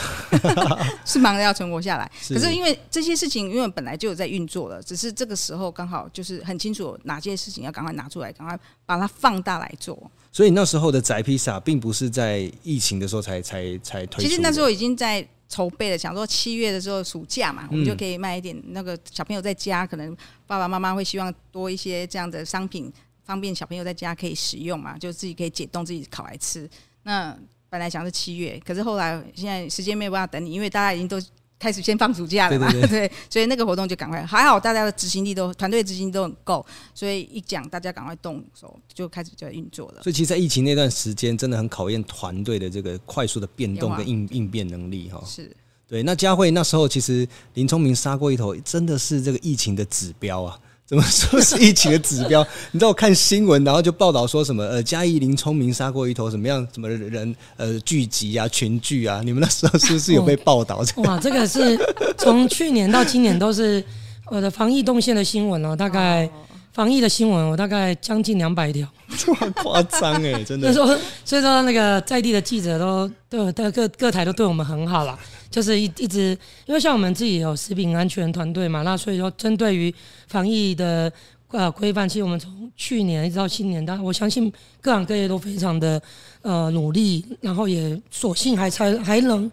是忙得要存活下來。是可是因為這些事情，因為本來就有在運作了，只是這個時候剛好就是很清楚哪些事情要趕快拿出來，趕快把它放大來做。
所以那時候的宅披薩，並不是在疫情的時候才才才推出，其實那時候
已經在。籌備的，想說七月的時候暑假嘛，我們就可以賣一點那個小朋友在家，嗯、可能爸爸媽媽會希望多一些這樣的商品，方便小朋友在家可以使用嘛，就自己可以解凍自己烤來吃。那本來想是七月，可是後來現在時間沒有辦法等你，因為大家已經都開始先放暑假了嘛，對，對， 所以那個活動就趕快，還好大家的執行力都團隊執行力都很夠，所以一講大家趕快動手就開始就運作了。所以
其實，在疫情那段時間，真的很考驗團隊的這個快速的變動跟應應變能力哈。
是
對，那佳慧那時候其實林聰明沙鍋魚頭，真的是這個疫情的指標啊。怎麼說是疫情的指標？你知道我看新聞，然後就報道說什麼？呃，嘉義林聰明沙鍋魚頭什麼樣什麼人？呃，聚集啊，群聚啊，你們那時候是不是有被報道，哦？
哇，這個是從去年到今年都是我的防疫動線的新聞哦。大概、哦、防疫的新聞我大概將近兩百條，這
麼誇張哎，真的。所以
說，所以說那個在地的記者都對我，各各台都對我們很好啦。就是一一直，因為像我們自己有食品安全團隊嘛，那所以說針對於防疫的呃規範，其實我們從去年一直到新年，當然我相信各行各業都非常的呃努力，然後也所幸還才還能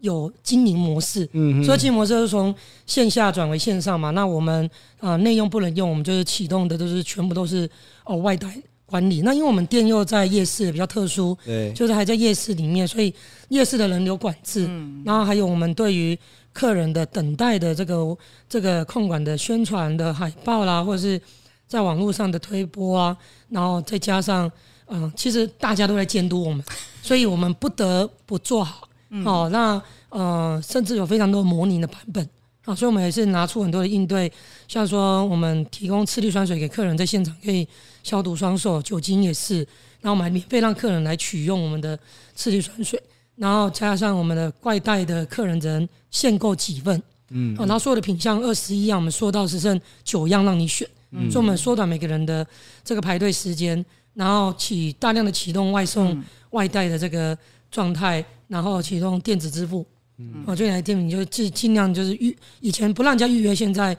有經營模式，嗯哼，所以經營模式是從線下轉為線上嘛，那我們啊內用不能用，我們就是啟動的都是全部都是哦外帶。管理那，因為我們店又在夜市，比較特殊，對，就是還在夜市裡面，所以夜市的人流管制，嗯、然後還有我們對於客人的等待的這個這個控管的宣傳的海報啦，或者是在網絡上的推播啊，然後再加上嗯、呃，其實大家都在監督我們，所以我們不得不做好好、嗯哦，那呃，甚至有非常多模擬的版本啊，所以我們也是拿出很多的應對，像說我們提供次氯酸水給客人在現場可以。消毒雙手，酒精也是。然後我們還免費讓客人來取用我們的次氯酸水，然後加上我們的外帶的客人只能限購幾份，嗯，嗯、哦，然後所有的品項二十一樣，我們縮到只剩九樣讓你選，嗯，嗯，所以我們縮短每個人的這個排隊時間，然後啟大量的啟動外送外帶的這個狀態，然後啟動電子支付，嗯，嗯、哦，啊，就來店明就是盡盡量就是預以前不讓人家預約，現在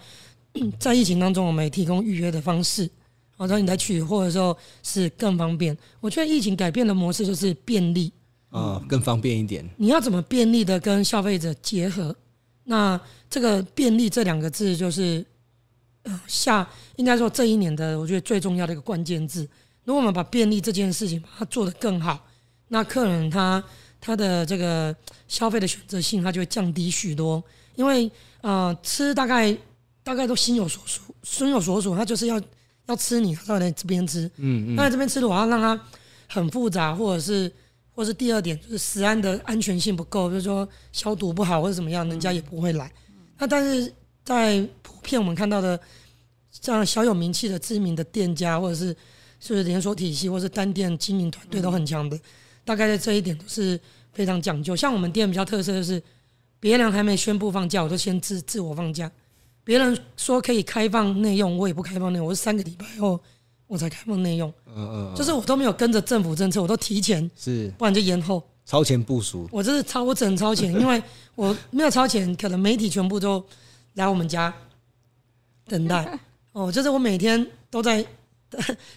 在疫情當中，我們也提供預約的方式。然後你來取貨的時候是更方便。我覺得疫情改變的模式就是便利啊、嗯，
更方便一點。
你要怎麼便利的跟消費者結合？那這個“便利”這兩個字就是下，應該說這一年的我覺得最重要的一個關鍵字。如果我們把便利這件事情把它做得更好，那客人他他的這個消費的選擇性，他就會降低許多。因為呃，吃大概大概都心有所屬，心有所屬，他就是要。要吃你，他到你這邊吃。嗯那、嗯、這邊吃的，我要讓他很複雜，或者是，或者是第二點就是食安的安全性不夠，就是說消毒不好或者怎麼樣，人家也不會來。嗯、那但是在普遍我們看到的，像小有名氣的知名的店家，或者是是不是連鎖體系，或者是單店經營團隊都很強的，嗯、大概在這一點都是非常講究。像我們店比較特色的是，別人還沒宣布放假，我都先自自我放假。別人說可以開放內用，我也不開放內用。我是三個禮拜後我才開放內用，嗯嗯，就是我都沒有跟着政府政策，我都提前，是，不然就延後，
超前部署。我
這是超，我只能超前， 因為我沒有超前，可能媒體全部都來我們家等待。 哦，就是我每天都在，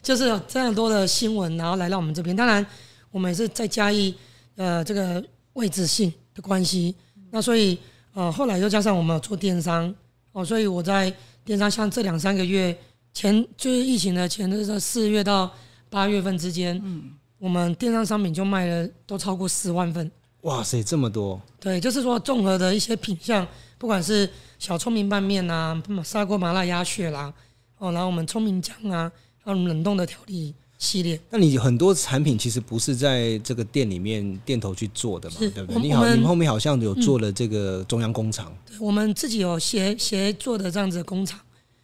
就是有這樣多的新聞，然後來到我們這邊。當然，我們也是再加一呃這個位置性的關係。那所以呃後來又加上我們有做電商。哦，所以我在電商，像這兩三個月前，就是疫情的前的時候，四月到八月份之間，嗯，我們電商商品就賣了都超過四萬份。哇塞，這麼多！對，就是說綜合的一些品項，不管是小聰明拌麵啊，砂鍋麻辣鴨血啦，哦，然後我們聰明醬啊，然後冷凍的調理。系列，那你
很多產品其實不是在這個店裡面店頭去做的嘛，對不對？你好，你們後面好像有做了這個中央工廠。
嗯，我們自己有協協作的這樣子的工廠。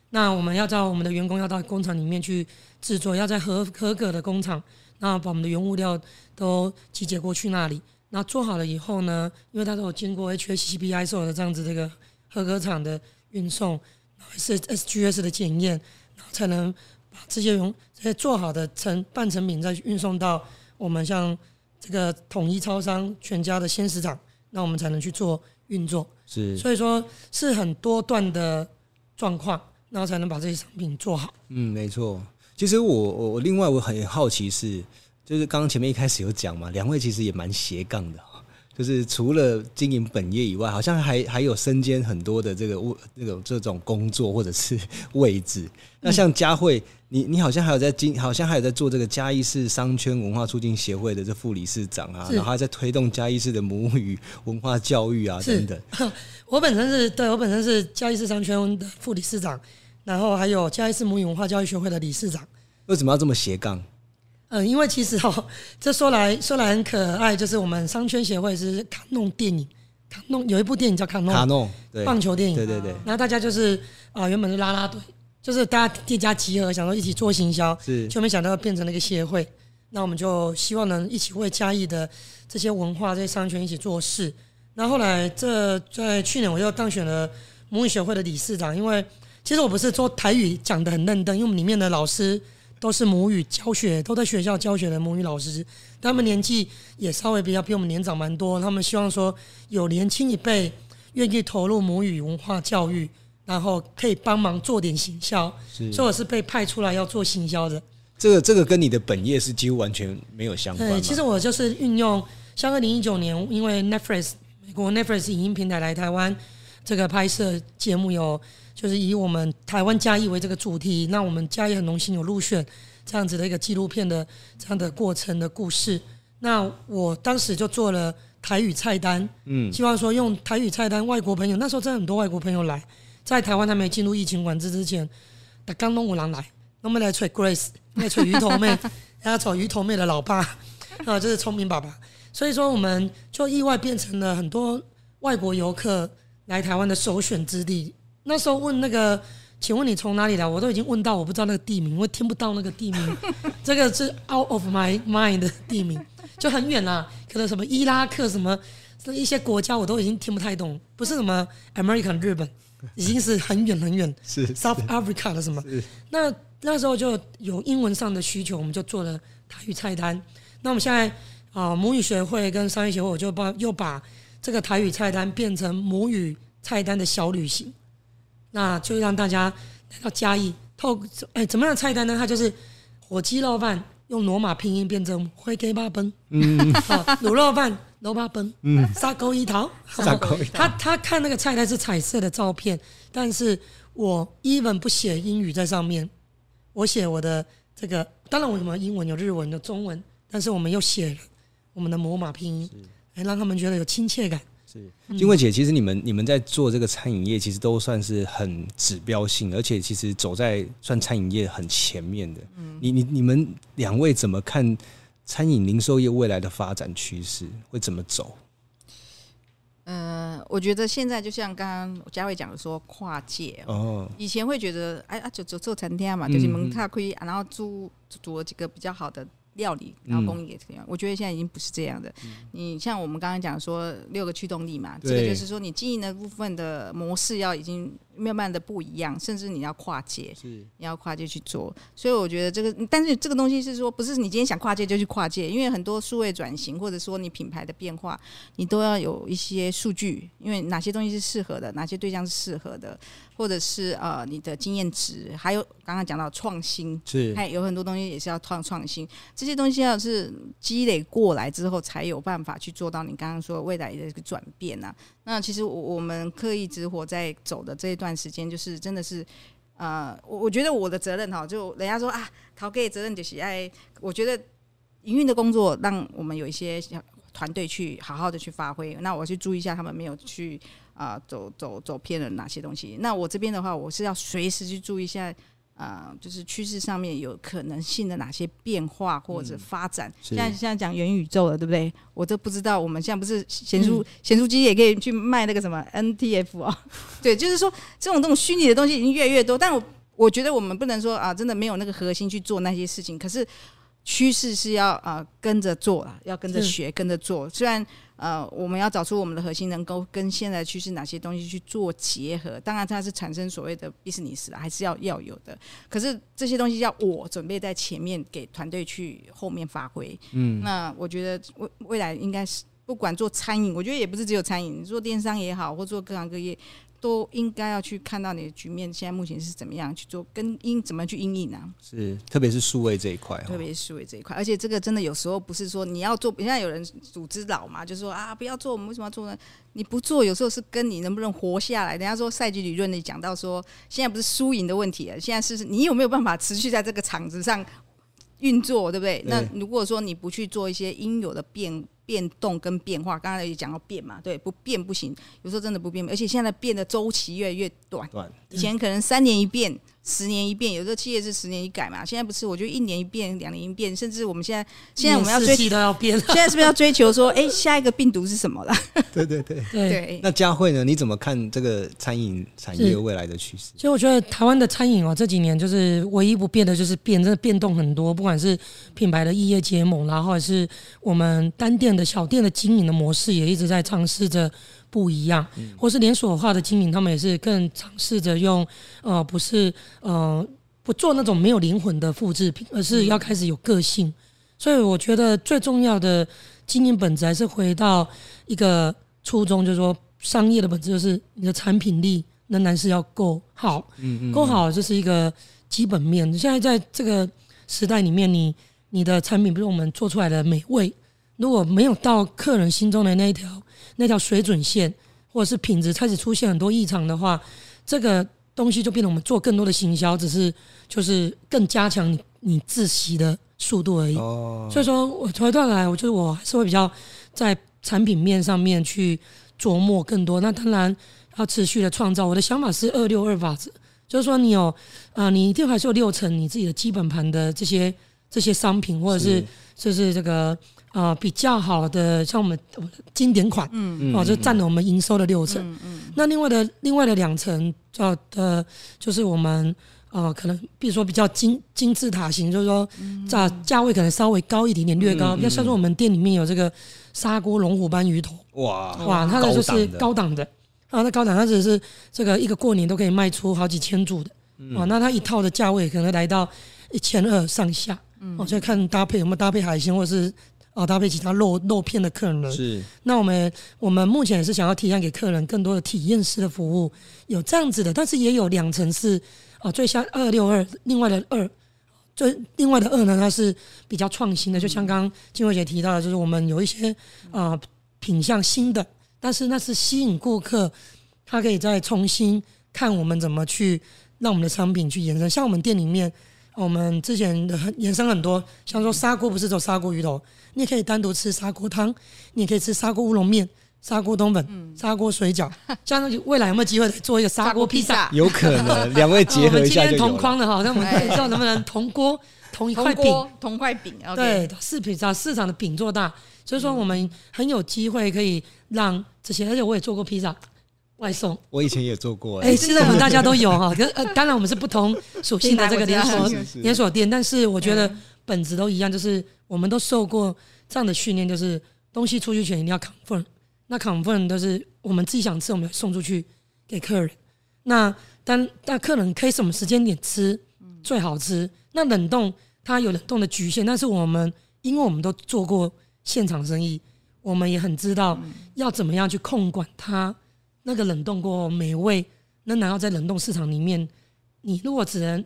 那我們要找我們的員工，要到工廠裡面去製作，要在合合格的工廠，那把我們的原物料都集結過去那裡。那做好了以後呢，因為它都有經過 HACCP 所有的這樣子這個合格廠的運送，然後是 SGS 的檢驗，然後才能把這些用。這些做好的成半成品再去運送到我們像這個統一超商、全家的鮮食廠，那我們才能去做運作。是，所以說是很多段的狀況，然後才能把這些商品做好。嗯，
沒錯。其實我我我另外我很好奇是，就是剛剛前面一開始有講嘛，兩位其實也蠻斜槓的。就是除了經營本業以外，好像還還有身兼很多的這個物，那種這種工作或者是位置。那像佳慧，你你好像還有在經，好像還有在做這個嘉義市商圈文化促進協會的這副理事長啊，是然後還在推動嘉義市的母語文化教育啊等等。
我本身是對，我本身是嘉義市商圈的副理事長，然後還有嘉義市母語文化教育學會的理事長。
為什麼要這麼斜槓？
嗯，因為其實哦，這說來說來很可愛，就是我們商圈協會是卡弄電影，卡弄有一部電影叫《卡弄》，卡弄棒球電影，對對對。然後大家就是啊，原本是拉拉隊，就是大家店家集合，想說一起做行銷，是就沒想到變成了一個協會。那我們就希望能一起為嘉義的這些文化、這些商圈一起做事。那後，後來這，這在去年我又當選了母語協會的理事長，因為其實我不是說台語講得很認真，因為我們裡面的老師。都是母語教學，都在學校教學的母語老師，他們年紀也稍微比較比我們年長蠻多。他們希望說有年輕一輩願意投入母語文化教育，然後可以幫忙做點行銷。是所以我是被派出來要做行銷的。
這個這個跟你的本業是幾乎完全沒有相關。對，其實
我就是運用像二零一九年，因為 Netflix 美國 Netflix 影音平台來台灣這個拍攝節目有。就是以我們台灣嘉義，為這個主題，那我們嘉義很榮幸有入選這樣子的一個紀錄片的這樣的過程的故事。那我當時就做了台語菜單，嗯，希望說用台語菜單，外國朋友那時候真的很多外國朋友來，在台灣還沒有進入疫情管制之前，他剛剛五郎來，我們來吹 Grace，來吹魚頭妹，然後 找魚頭妹的老爸啊，這、就是聰明爸爸，所以說我們就意外變成了很多外國遊客來台灣的首選之地。那時候問那個，請問你從哪裡來？我都已經問到，我不知道那個地名，我聽不到那個地名。這個是 out of my mind 的地名，就很遠啦。可能什麼伊拉克，什麼一些國家，我都已經聽不太懂。不是什麼 American 日本，已經是很遠很遠，是 South Africa 的什麼？是是，那那時候就有英文上的需求，我們就做了台語菜單。那我們現在啊，母語學會跟商業學會，我就把又把這個台語菜單變成母語菜單的小旅行。那就讓大家到嘉義透，哎，怎麼樣的菜單呢？它就是火雞肉飯，用羅馬拼音變成 hoe-ke-bah 崩”嗯哦。本嗯，好，滷肉飯 lo-bah 崩”。嗯，沙溝一桃。沙溝一桃。他他看那個菜單是彩色的照片，但是我 even 不寫英語在上面，我寫我的這個，當然我有，沒有英文，有日文，有中文，但是我們又寫我們的羅馬拼音，是哎，讓他們覺得有親切感。靜蕙姐，
其實你們你們在做這個餐飲業，其實都算是很指標性，而且其實走在算餐飲業很前面的。嗯，你你你們兩位怎麼看餐飲零售業未來的發展趨勢會怎麼走？
呃，我覺得現在就像剛剛佳慧講的說跨界哦，哦以前會覺得哎啊，就做做餐廳嘛，就是門檻虧，嗯、然後租租了幾個比較好的。料理，然後工藝，也這樣，嗯、我覺得現在已經不是這樣的。嗯、你像我們剛剛講說六個驅動力嘛，對這個就是說你經營的部分的模式要已經。慢慢的不一樣，甚至你要跨界，是你要跨界去做。所以我覺得這個，但是這個東西是說，不是你今天想跨界就去跨界，因為很多數位轉型，或者說你品牌的變化，你都要有一些數據，因為哪些東西是適合的，哪些對象是適合的，或者是呃你的經驗值，還有剛剛講到創新，是還有，有很多東西也是要創創新，這些東西要是積累過來之後，才有辦法去做到你剛剛說未來的一個轉變吶、啊。那其實我我們客意直火在走的這一段。段時間就是真的是，啊、呃，我我覺得我的責任哈，就人家說啊，逃給責任就是哎，我覺得營運的工作讓我們有一些團隊去好好的去發揮，那我去注意一下他們沒有去啊、呃、走走走偏了哪些東西。那我這邊的話，我是要隨時去注意一下。呃，就是趨勢上面有可能性的哪些變化或者發展，現在現在講元宇宙了，對不對？我都不知道，我們現在不是鹹酥鹹酥雞，也可以去賣那個什麼 N T F 啊、哦？ 對，就是說這種這種虛擬的東西已經越來越多，但我我覺得我們不能說啊、呃，真的沒有那個核心去做那些事情，可是趨勢是要啊、呃、跟着做了，要跟着學，跟着做，是雖然。呃，我們要找出我們的核心，能夠跟現在趨勢哪些東西去做結合。當然，它是產生所謂的 business 還是要要有的。可是這些東西，要我準備在前面給團隊去後面發揮。嗯，那我覺得未未來應該是不管做餐飲，我覺得也不是只有餐飲，做電商也好，或做各行各業，都應該要去看到你的局面，現在目前是怎麼樣去做，跟應怎麼去因應呢？
是，特別是數位這一塊，特
別是數位這一塊，而且這個真的有時候不是說你要做，現在有人組織老嘛，就是說啊，不要做，我們為什麼要做呢？你不做，有時候是跟你能不能活下來。人家說賽局理論裡講到說，現在不是輸贏的問題，現在是你有沒有辦法持續在這個場子上。運作對不對？對那如果說你不去做一些應有的變變動跟變化，剛才也講到變嘛，對，不變不行。有時候真的不變，而且現在的變的周期越來越短，對以前可能三年一變。十年一變，有的企業是十年一改嘛。現在不是，我覺得一年一變，兩年一變，甚至我們現在現在我們要追求都要變了。現在是不是要追求說，哎、 欸，下一個病毒是什麼了？對
對對對。對對，那佳慧呢？你怎麼看這個餐飲產業未來的趨勢？其
實我覺得台灣的餐飲哦、喔，這幾年就是唯一不變的就是變，真的變動很多。不管是品牌的異業結盟，然後還是我們單店的小店的經營的模式，也一直在嘗試着。不一樣，或是連鎖化的經營，他們也是更嘗試着用，呃，不是，呃，不做那種沒有靈魂的複製品，而是要開始有個性。所以我覺得最重要的經營本質還是回到一個初衷，就是說，商業的本質就是你的產品力仍然是要夠好，嗯，夠好這是一個基本面。現在在這個時代裡面，你你的產品，比如我們做出來的美味。如果沒有到客人心中的那一條那條水準線，或者是品質開始出現很多異常的話，這個東西就變成我們做更多的行銷，只是就是更加強你你自吸的速度而已。Oh. 所以說我從一段來，我覺得我還是會比較在產品面上面去琢磨更多。那當然要持續的創造。我的想法是二六二法則，就是說你有啊、呃，你一定還是有六成你自己的基本盤的這些這些商品，或者是,是就是這個。啊、呃，比較好的像我們經典款，嗯嗯，哦，就占了我們營收的六成。嗯嗯嗯、那另外的另外的兩成叫呃，就是我們啊、呃，可能比如說比較金金字塔型，就是說價價位可能稍微高一點點，略高。要像、嗯嗯、說，說我們店裡面有這個砂鍋龍虎斑
魚頭，哇哇，它的就是高檔
的啊，那高檔它只是這個一個過年都可以賣出好幾千組的，哇、嗯哦，那它一套的價位可能來到一千二上下。嗯、哦，所以看搭配有沒有搭配海鮮或是。哦，搭配其他肉肉片的客人,人是。那我們我們目前也是想要提供給客人更多的體驗式的服務，有這樣子的，但是也有兩層是啊，最像二六二，另外的二，最另外的二呢，它是比較創新的，嗯、就像剛剛佳慧姐提到的，就是我們有一些啊品項新的，但是那是吸引顧客，他可以再重新看我們怎麼去讓我們的商品去延伸，像我們店裡面。我們之前的延伸很多，像說砂鍋不是做砂鍋魚頭，你也可以單獨吃砂鍋湯，你也可以吃砂鍋烏龍面、砂鍋冬粉、嗯、砂鍋水餃，相當於未來有沒有機會做一個砂鍋披薩？披薩，
有可能，兩 位結合一下就。我們今天同框的
哈，那我們看能不能同鍋同一塊餅，同塊餅。OK、對，四披薩市場的餅做大，所以說我們很有機會可以讓這些，而且我也做過披薩。外送，
我以前也做過、欸欸。哎，是的，我們大家都有
哈，呃，當然我們是不同屬性的這個連鎖連鎖店，但是我覺得本質都一樣，就是我們都受過這樣的訓練，就是東西出去前一定要 confirm。那 confirm 就是我們自己想吃，我們要送出去給客人。那當當客人可以什麼時間點吃最好吃？那冷凍它有冷凍的局限，但是我們因為我們都做過現場生意，我們也很知道要怎麼樣去控管它。那個冷凍過後，美味，那然後在冷凍市場裡面，你如果只能，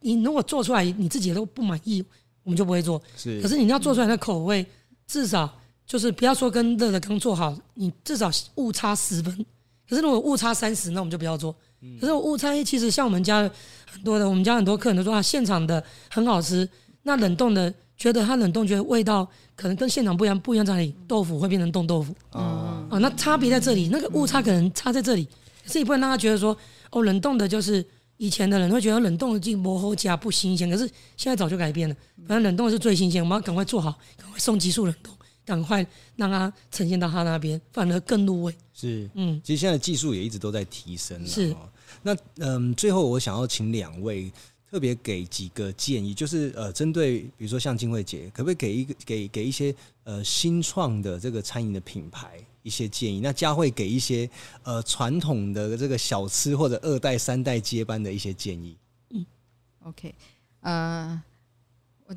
你如果做出來你自己都不滿意，我們就不會做。是，可是你要做出來的口味，嗯，至少就是不要說跟熱的剛做好，你至少誤差十分。可是如果誤差三十，那我們就不要做。可是誤差一，其實像我們家很多的，我們家很多客人都說啊，現場的很好吃，那冷凍的。覺得它冷凍，覺得味道可能跟現場不一樣，不一樣在哪裡？豆腐會變成凍豆腐。哦哦，啊，那差別在這裡，那個誤差可能差在這裡，所以不能讓他覺得說，哦，冷凍的就是以前的人會覺得冷凍的進磨合家不新鮮，可是現在早就改變了，反正冷凍的是最新鮮，我們要趕快做好，趕快送急速冷凍，趕快讓他呈現到他那邊，反而更入味。
是，嗯，其實現在技術也一直都在提升。是，那嗯、呃，最後我想要請兩位。特別給幾個建議，就是呃，針對比如說像靜蕙姐，可不可以給一個給給一些呃新創的這個餐飲的品牌一些建議？那佳慧給一些呃傳統的這個小吃或者二代三代接班的一些建議。嗯
，OK，呃，我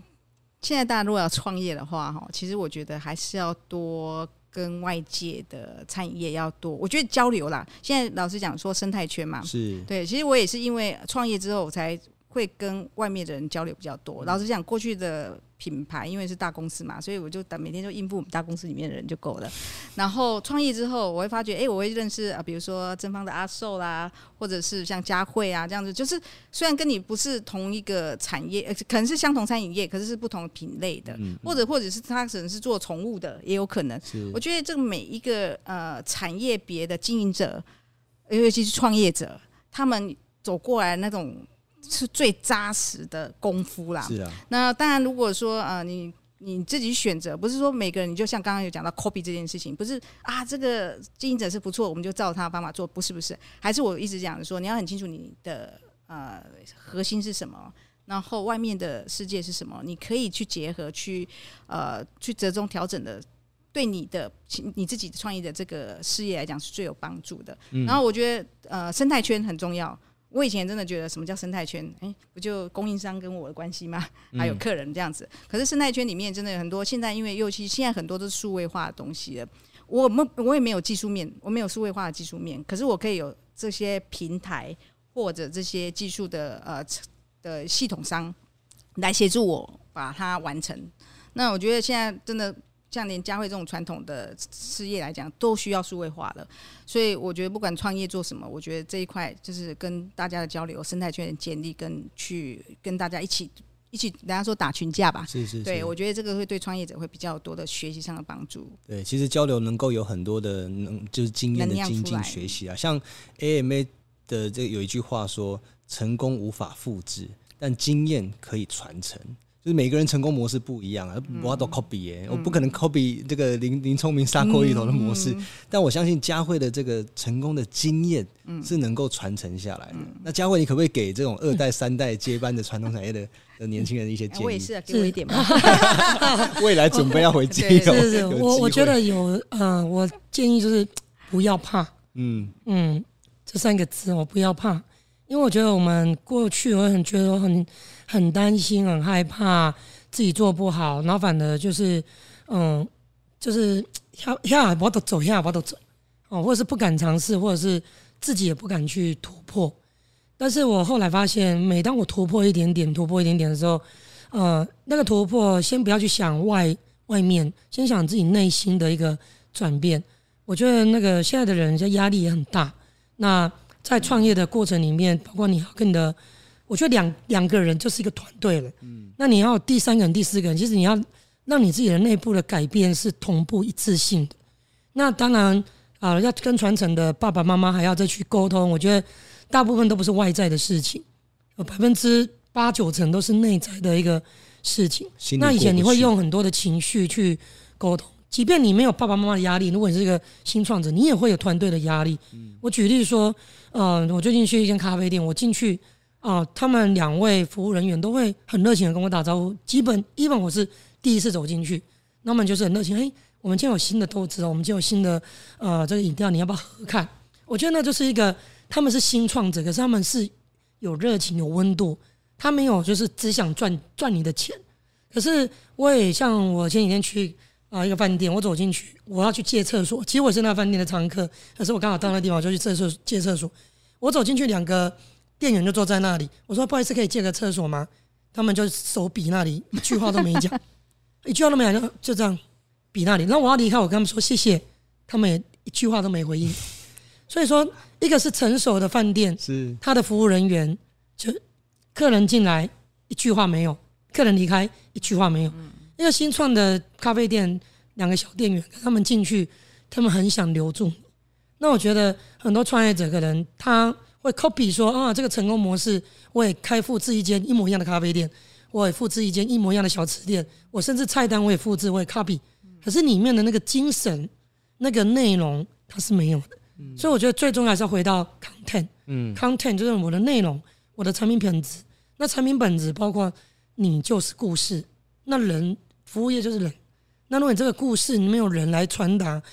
現在大家如果要創業的話，哈，其實我覺得還是要多跟外界的餐飲業要多，我覺得交流啦。現在老實講，說生態圈嘛，是，對，其實我也是因為創業之後我才。會跟外面的人交流比較多。老實講，過去的品牌因為是大公司嘛，所以我就等每天就應付我們大公司裡面的人就夠了。然後創業之後，我會發覺，哎，我會認識啊，比如說正方的阿壽啦，或者是像佳慧啊這樣子。就是雖然跟你不是同一個產業，可能是相同餐飲業，可是是不同品類的，或者或者是他可能是做寵物的，也有可能。我覺得這每一個呃產業別的經營者，尤其是創業者，他們走過來那種。是最扎實的功夫啦。是啊、那當然，如果說啊、呃，你你自己選擇，不是說每個人，你就像剛剛有講到 copy 這件事情，不是啊，這個經營者是不錯，我們就照他的方法做，不是不是，還是我一直講的說，你要很清楚你的呃核心是什麼，然後外面的世界是什麼，你可以去結合去呃去折中調整的，對你的你自己創業的這個事業來講是最有幫助的。嗯、然後我覺得呃生態圈很重要。我以前真的覺得什麼叫生態圈？哎、欸，不就供應商跟我的關係嗎？還有客人這樣子。嗯、可是生態圈裡面真的有很多，現在因為尤其現在很多都是數位化的東西了。我們我也沒有技術面，我沒有數位化的技術面，可是我可以有這些平台或者這些技術的呃的系統商來協助我把它完成。那我覺得現在真的。像林佳慧這種傳統的事業來講，都需要數位化了，所以我覺得不管創業做什麼，我覺得這一塊就是跟大家的交流，生態圈的建立跟去跟大家一起一起，大家說打群架吧，是是，是對，對我覺得這個會對創業者會比較多的學習上的幫助。
對，其實交流能夠有很多的能、嗯、就是經驗的精進學習啊，像 A M A 的這有一句話說，成功無法複製，但經驗可以傳承。就是每個人成功模式不一樣啊，我都不 copy 耶，我不可能 copy 這個林林聰明沙鍋魚頭的模式，但我相信佳慧的這個成功的經驗是能夠傳承下來的。那佳慧，你可不可以給這種二代三代接班的傳統產業的年輕人一些建議？我也是，給我一
點吧。未來準備要回接頭？我我覺得有嗯，我建議就是不要怕，嗯嗯，這三個字，我不要怕，因為我覺得我們過去我也很覺得我很。很擔心，很害怕自己做不好，然後反而，就是，嗯，就是要下不要都走，下我要都走，哦，或者是不敢嘗試，或者是自己也不敢去突破。但是我後來發現，每當我突破一點點，突破一點點的時候，呃，那個突破先不要去想外外面，先想自己內心的一個轉變。我覺得那個現在的人家壓力也很大，那在創業的過程裡面，包括你跟你的。我覺得兩兩個人就是一個團隊了。嗯，那你要有第三個人、第四個人，其實你要讓你自己的內部的改變是同步一致性的。那當然啊，要、呃、跟傳承的爸爸媽媽還要再去溝通。我覺得大部分都不是外在的事情，有百分之八九成都是內在的一個事情。
那以前你會用很
多的情緒去溝通，即便你沒有爸爸媽媽的壓力，如果你是一個新創者，你也會有團隊的壓力。嗯、我舉例說，嗯、呃，我最近去一間咖啡店，我進去。啊，他們兩位服務人員都會很熱情的跟我打招呼。基本，基本我是第一次走進去，他們就是很熱情。哎、欸，我們今天有新的投資哦，我們今天有新的呃這個飲料，你要不要喝看？我覺得那就是一個，他們是新創者，可是他們是有熱情、有溫度，他沒有就是只想賺賺你的錢。可是我也像我前幾天去啊、呃、一個飯店，我走進去，我要去借廁所，其實我是那飯店的常客，可是我剛好到那個地方、嗯、我就去廁所借廁所。我走進去兩個。店員就坐在那裡，我說：“不好意思，可以借個廁所嗎？”他們就手比那裡，一句話都沒講，一句話都沒講，就就這樣比那裡。然後我要離開，我跟他們說謝謝，他們也一句話都沒回應。所以說，一個是成熟的飯店，是他的服務人員，就客人進來一句話沒有，客人離開一句話沒有。一個新創的咖啡店，兩個小店員，他們進去，他們很想留住你。那我覺得很多創業者的人，他。會 copy 說啊，這個成功模式，我也開複製一間一模一樣的咖啡店，我也複製一間一模一樣的小吃店，我甚至菜單我也複製，我也 copy。可是裡面的那個精神、那個內容它是沒有的，嗯，所以我覺得最重要還是要回到 content。嗯，content 就是我的內容，我的產品本質。那產品本質包括你就是故事，那人服務業就是人。那如果你這個故事沒有人來傳達，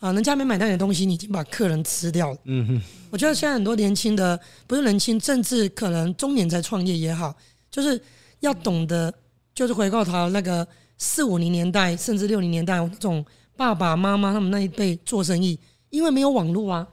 啊！人家沒買到你的東西，你已經把客人吃掉了。嗯哼，我覺得現在很多年輕的，不是年輕，甚至可能中年才創業也好，就是要懂得，就是回過頭那個四五零年代，甚至六零年代那種爸爸媽媽他們那一輩做生意，因為沒有網絡啊，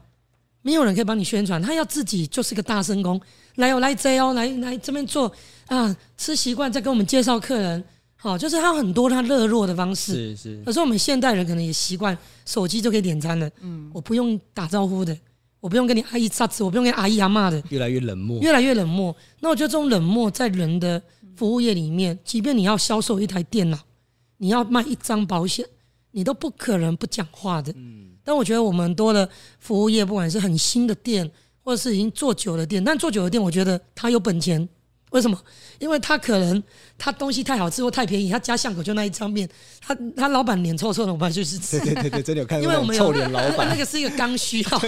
沒有人可以幫你宣傳，他要自己就是個大聲公，來哦，來坐哦，來來這邊坐啊，吃習慣再跟我們介紹客人。哦，就是他很多他熱絡的方式，是是。可是我們現代人可能也習慣手機就可以點餐了，嗯，我不用打招呼的，我不用跟你阿姨扎詞，我不用跟你阿姨阿嬤的，
越來越冷漠，越來越
冷漠。那我覺得這種冷漠在人的服務業裡面，即便你要銷售一台電腦，你要賣一張保險，你都不可能不講話的，嗯。但我覺得我們多的服務業，不管是很新的店，或者是已經做久的店，但做久的店，我覺得他有本錢。為什麼？因為他可能他東西太好吃或太便宜，他家巷口就那一張面，他他老闆臉臭臭的，我們就是吃，對對對，真的有看到臭臉
老闆，我 那個是一個剛需要，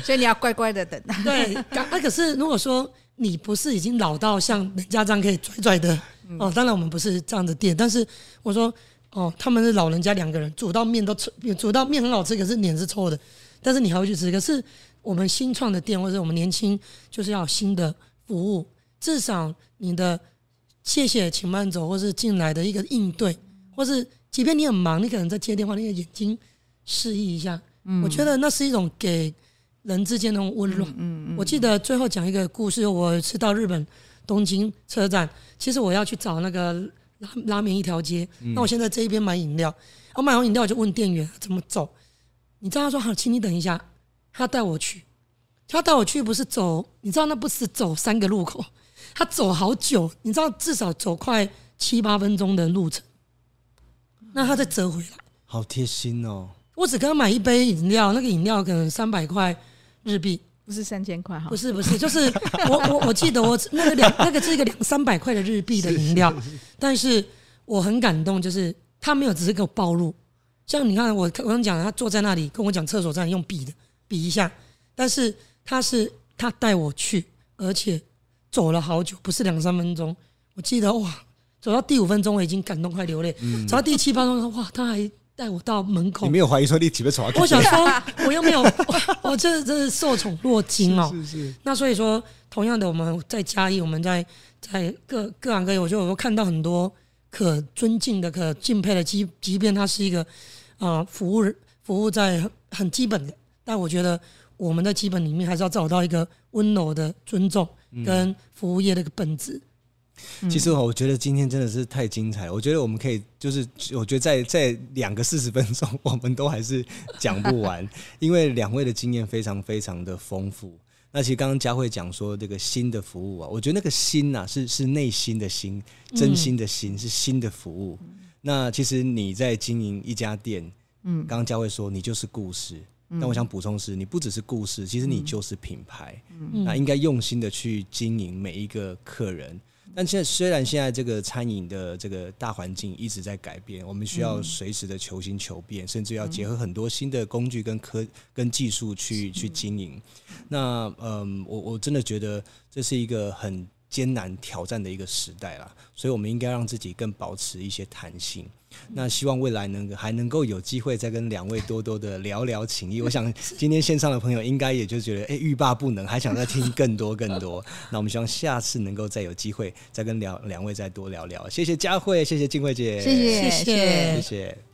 所以你要乖乖的等。對，
那、啊、可是如果說你不是已經老到像人家這樣可以拽拽的、嗯、哦，當然我們不是這樣的店。但是我說哦，他們是老人家兩個人煮到面都臭，煮到面很好吃，可是臉是臭的，但是你還會去吃。可是我們新創的店或者我們年輕就是要新的服務。至少你的謝謝，請慢走，或是進來的一個應對，或是即便你很忙，你可能在接電話，你的眼睛示意一下，我覺得那是一種給人之間的溫暖。我記得最後講一個故事，我是到日本東京車站，其實我要去找那個拉拉麵一條街，那我現在這一邊買飲料，我買完飲料我就問店員怎麼走，你知道他說好，請你等一下，他帶我去，他帶我去不是走，你知道那不是走三個路口。他走好久，你知道至少走快七八分鐘的路程，嗯、那他再折回來，
好貼心哦！
我只跟他買一杯飲料，那個飲料可能三百塊
日幣，不是三千塊哈，不是不是，就是我 我我，
我記得我那個兩那個是一個兩三百塊的日幣的飲料，是是是是，但是我很感動，就是他沒有只是給我暴露，像你看我我剛講，他坐在那裡跟我講廁所這樣用筆的比一下，但是他是他帶我去，而且。走了好久，不是兩三分鐘。我記得哇，走到第五分鐘，我已經感動快流淚。嗯、走到第七分鐘，哇，他還帶我到門口。你沒有懷
疑說你準備啊？我想說，
我又沒有， 我，我這這是受寵若驚哦。是是是，那所以說，同樣的，我們在嘉義，我們在在各各行各業，我覺得我看到很多可尊敬的、可敬佩的即，即即便他是一個啊、呃、服務服務在很，很基本的，但我覺得我們的基本裡面還是要找到一個溫柔的尊重。跟服務業的那個本質、嗯，其
實我覺得今天真的是太精彩了。我覺得我們可以，就是我覺得再再兩個四十分鐘，我們都還是講不完，因為兩位的經驗非常非常的豐富。那其實剛剛佳慧講說這個新的服務啊，我覺得那個新吶、啊、是是內心的心，真心的心，是心的服務。那其實你在經營一家店，嗯，剛剛佳慧說你就是故事。但我想補充的是，你不只是故事，其實你就是品牌，嗯、那應該用心的去經營每一個客人。嗯、但現在雖然現在這個餐飲的這個大環境一直在改變，我們需要隨時的求新求變，嗯、甚至要結合很多新的工具跟科跟技術去是去經營。那嗯，我我真的覺得這是一個很。艱難挑戰的一個時代啦，所以我們應該讓自己更保持一些彈性。那希望未來能夠還能夠有機會再跟兩位多多的聊聊情誼。 我想今天線上的朋友應該也就覺得哎、欸、欲罷不能，還想再聽更多更多。 那我們希望下次能夠再有機會再跟兩兩位再多聊聊。謝謝佳慧，謝謝靜蕙姐，謝謝謝謝謝謝。謝謝謝謝。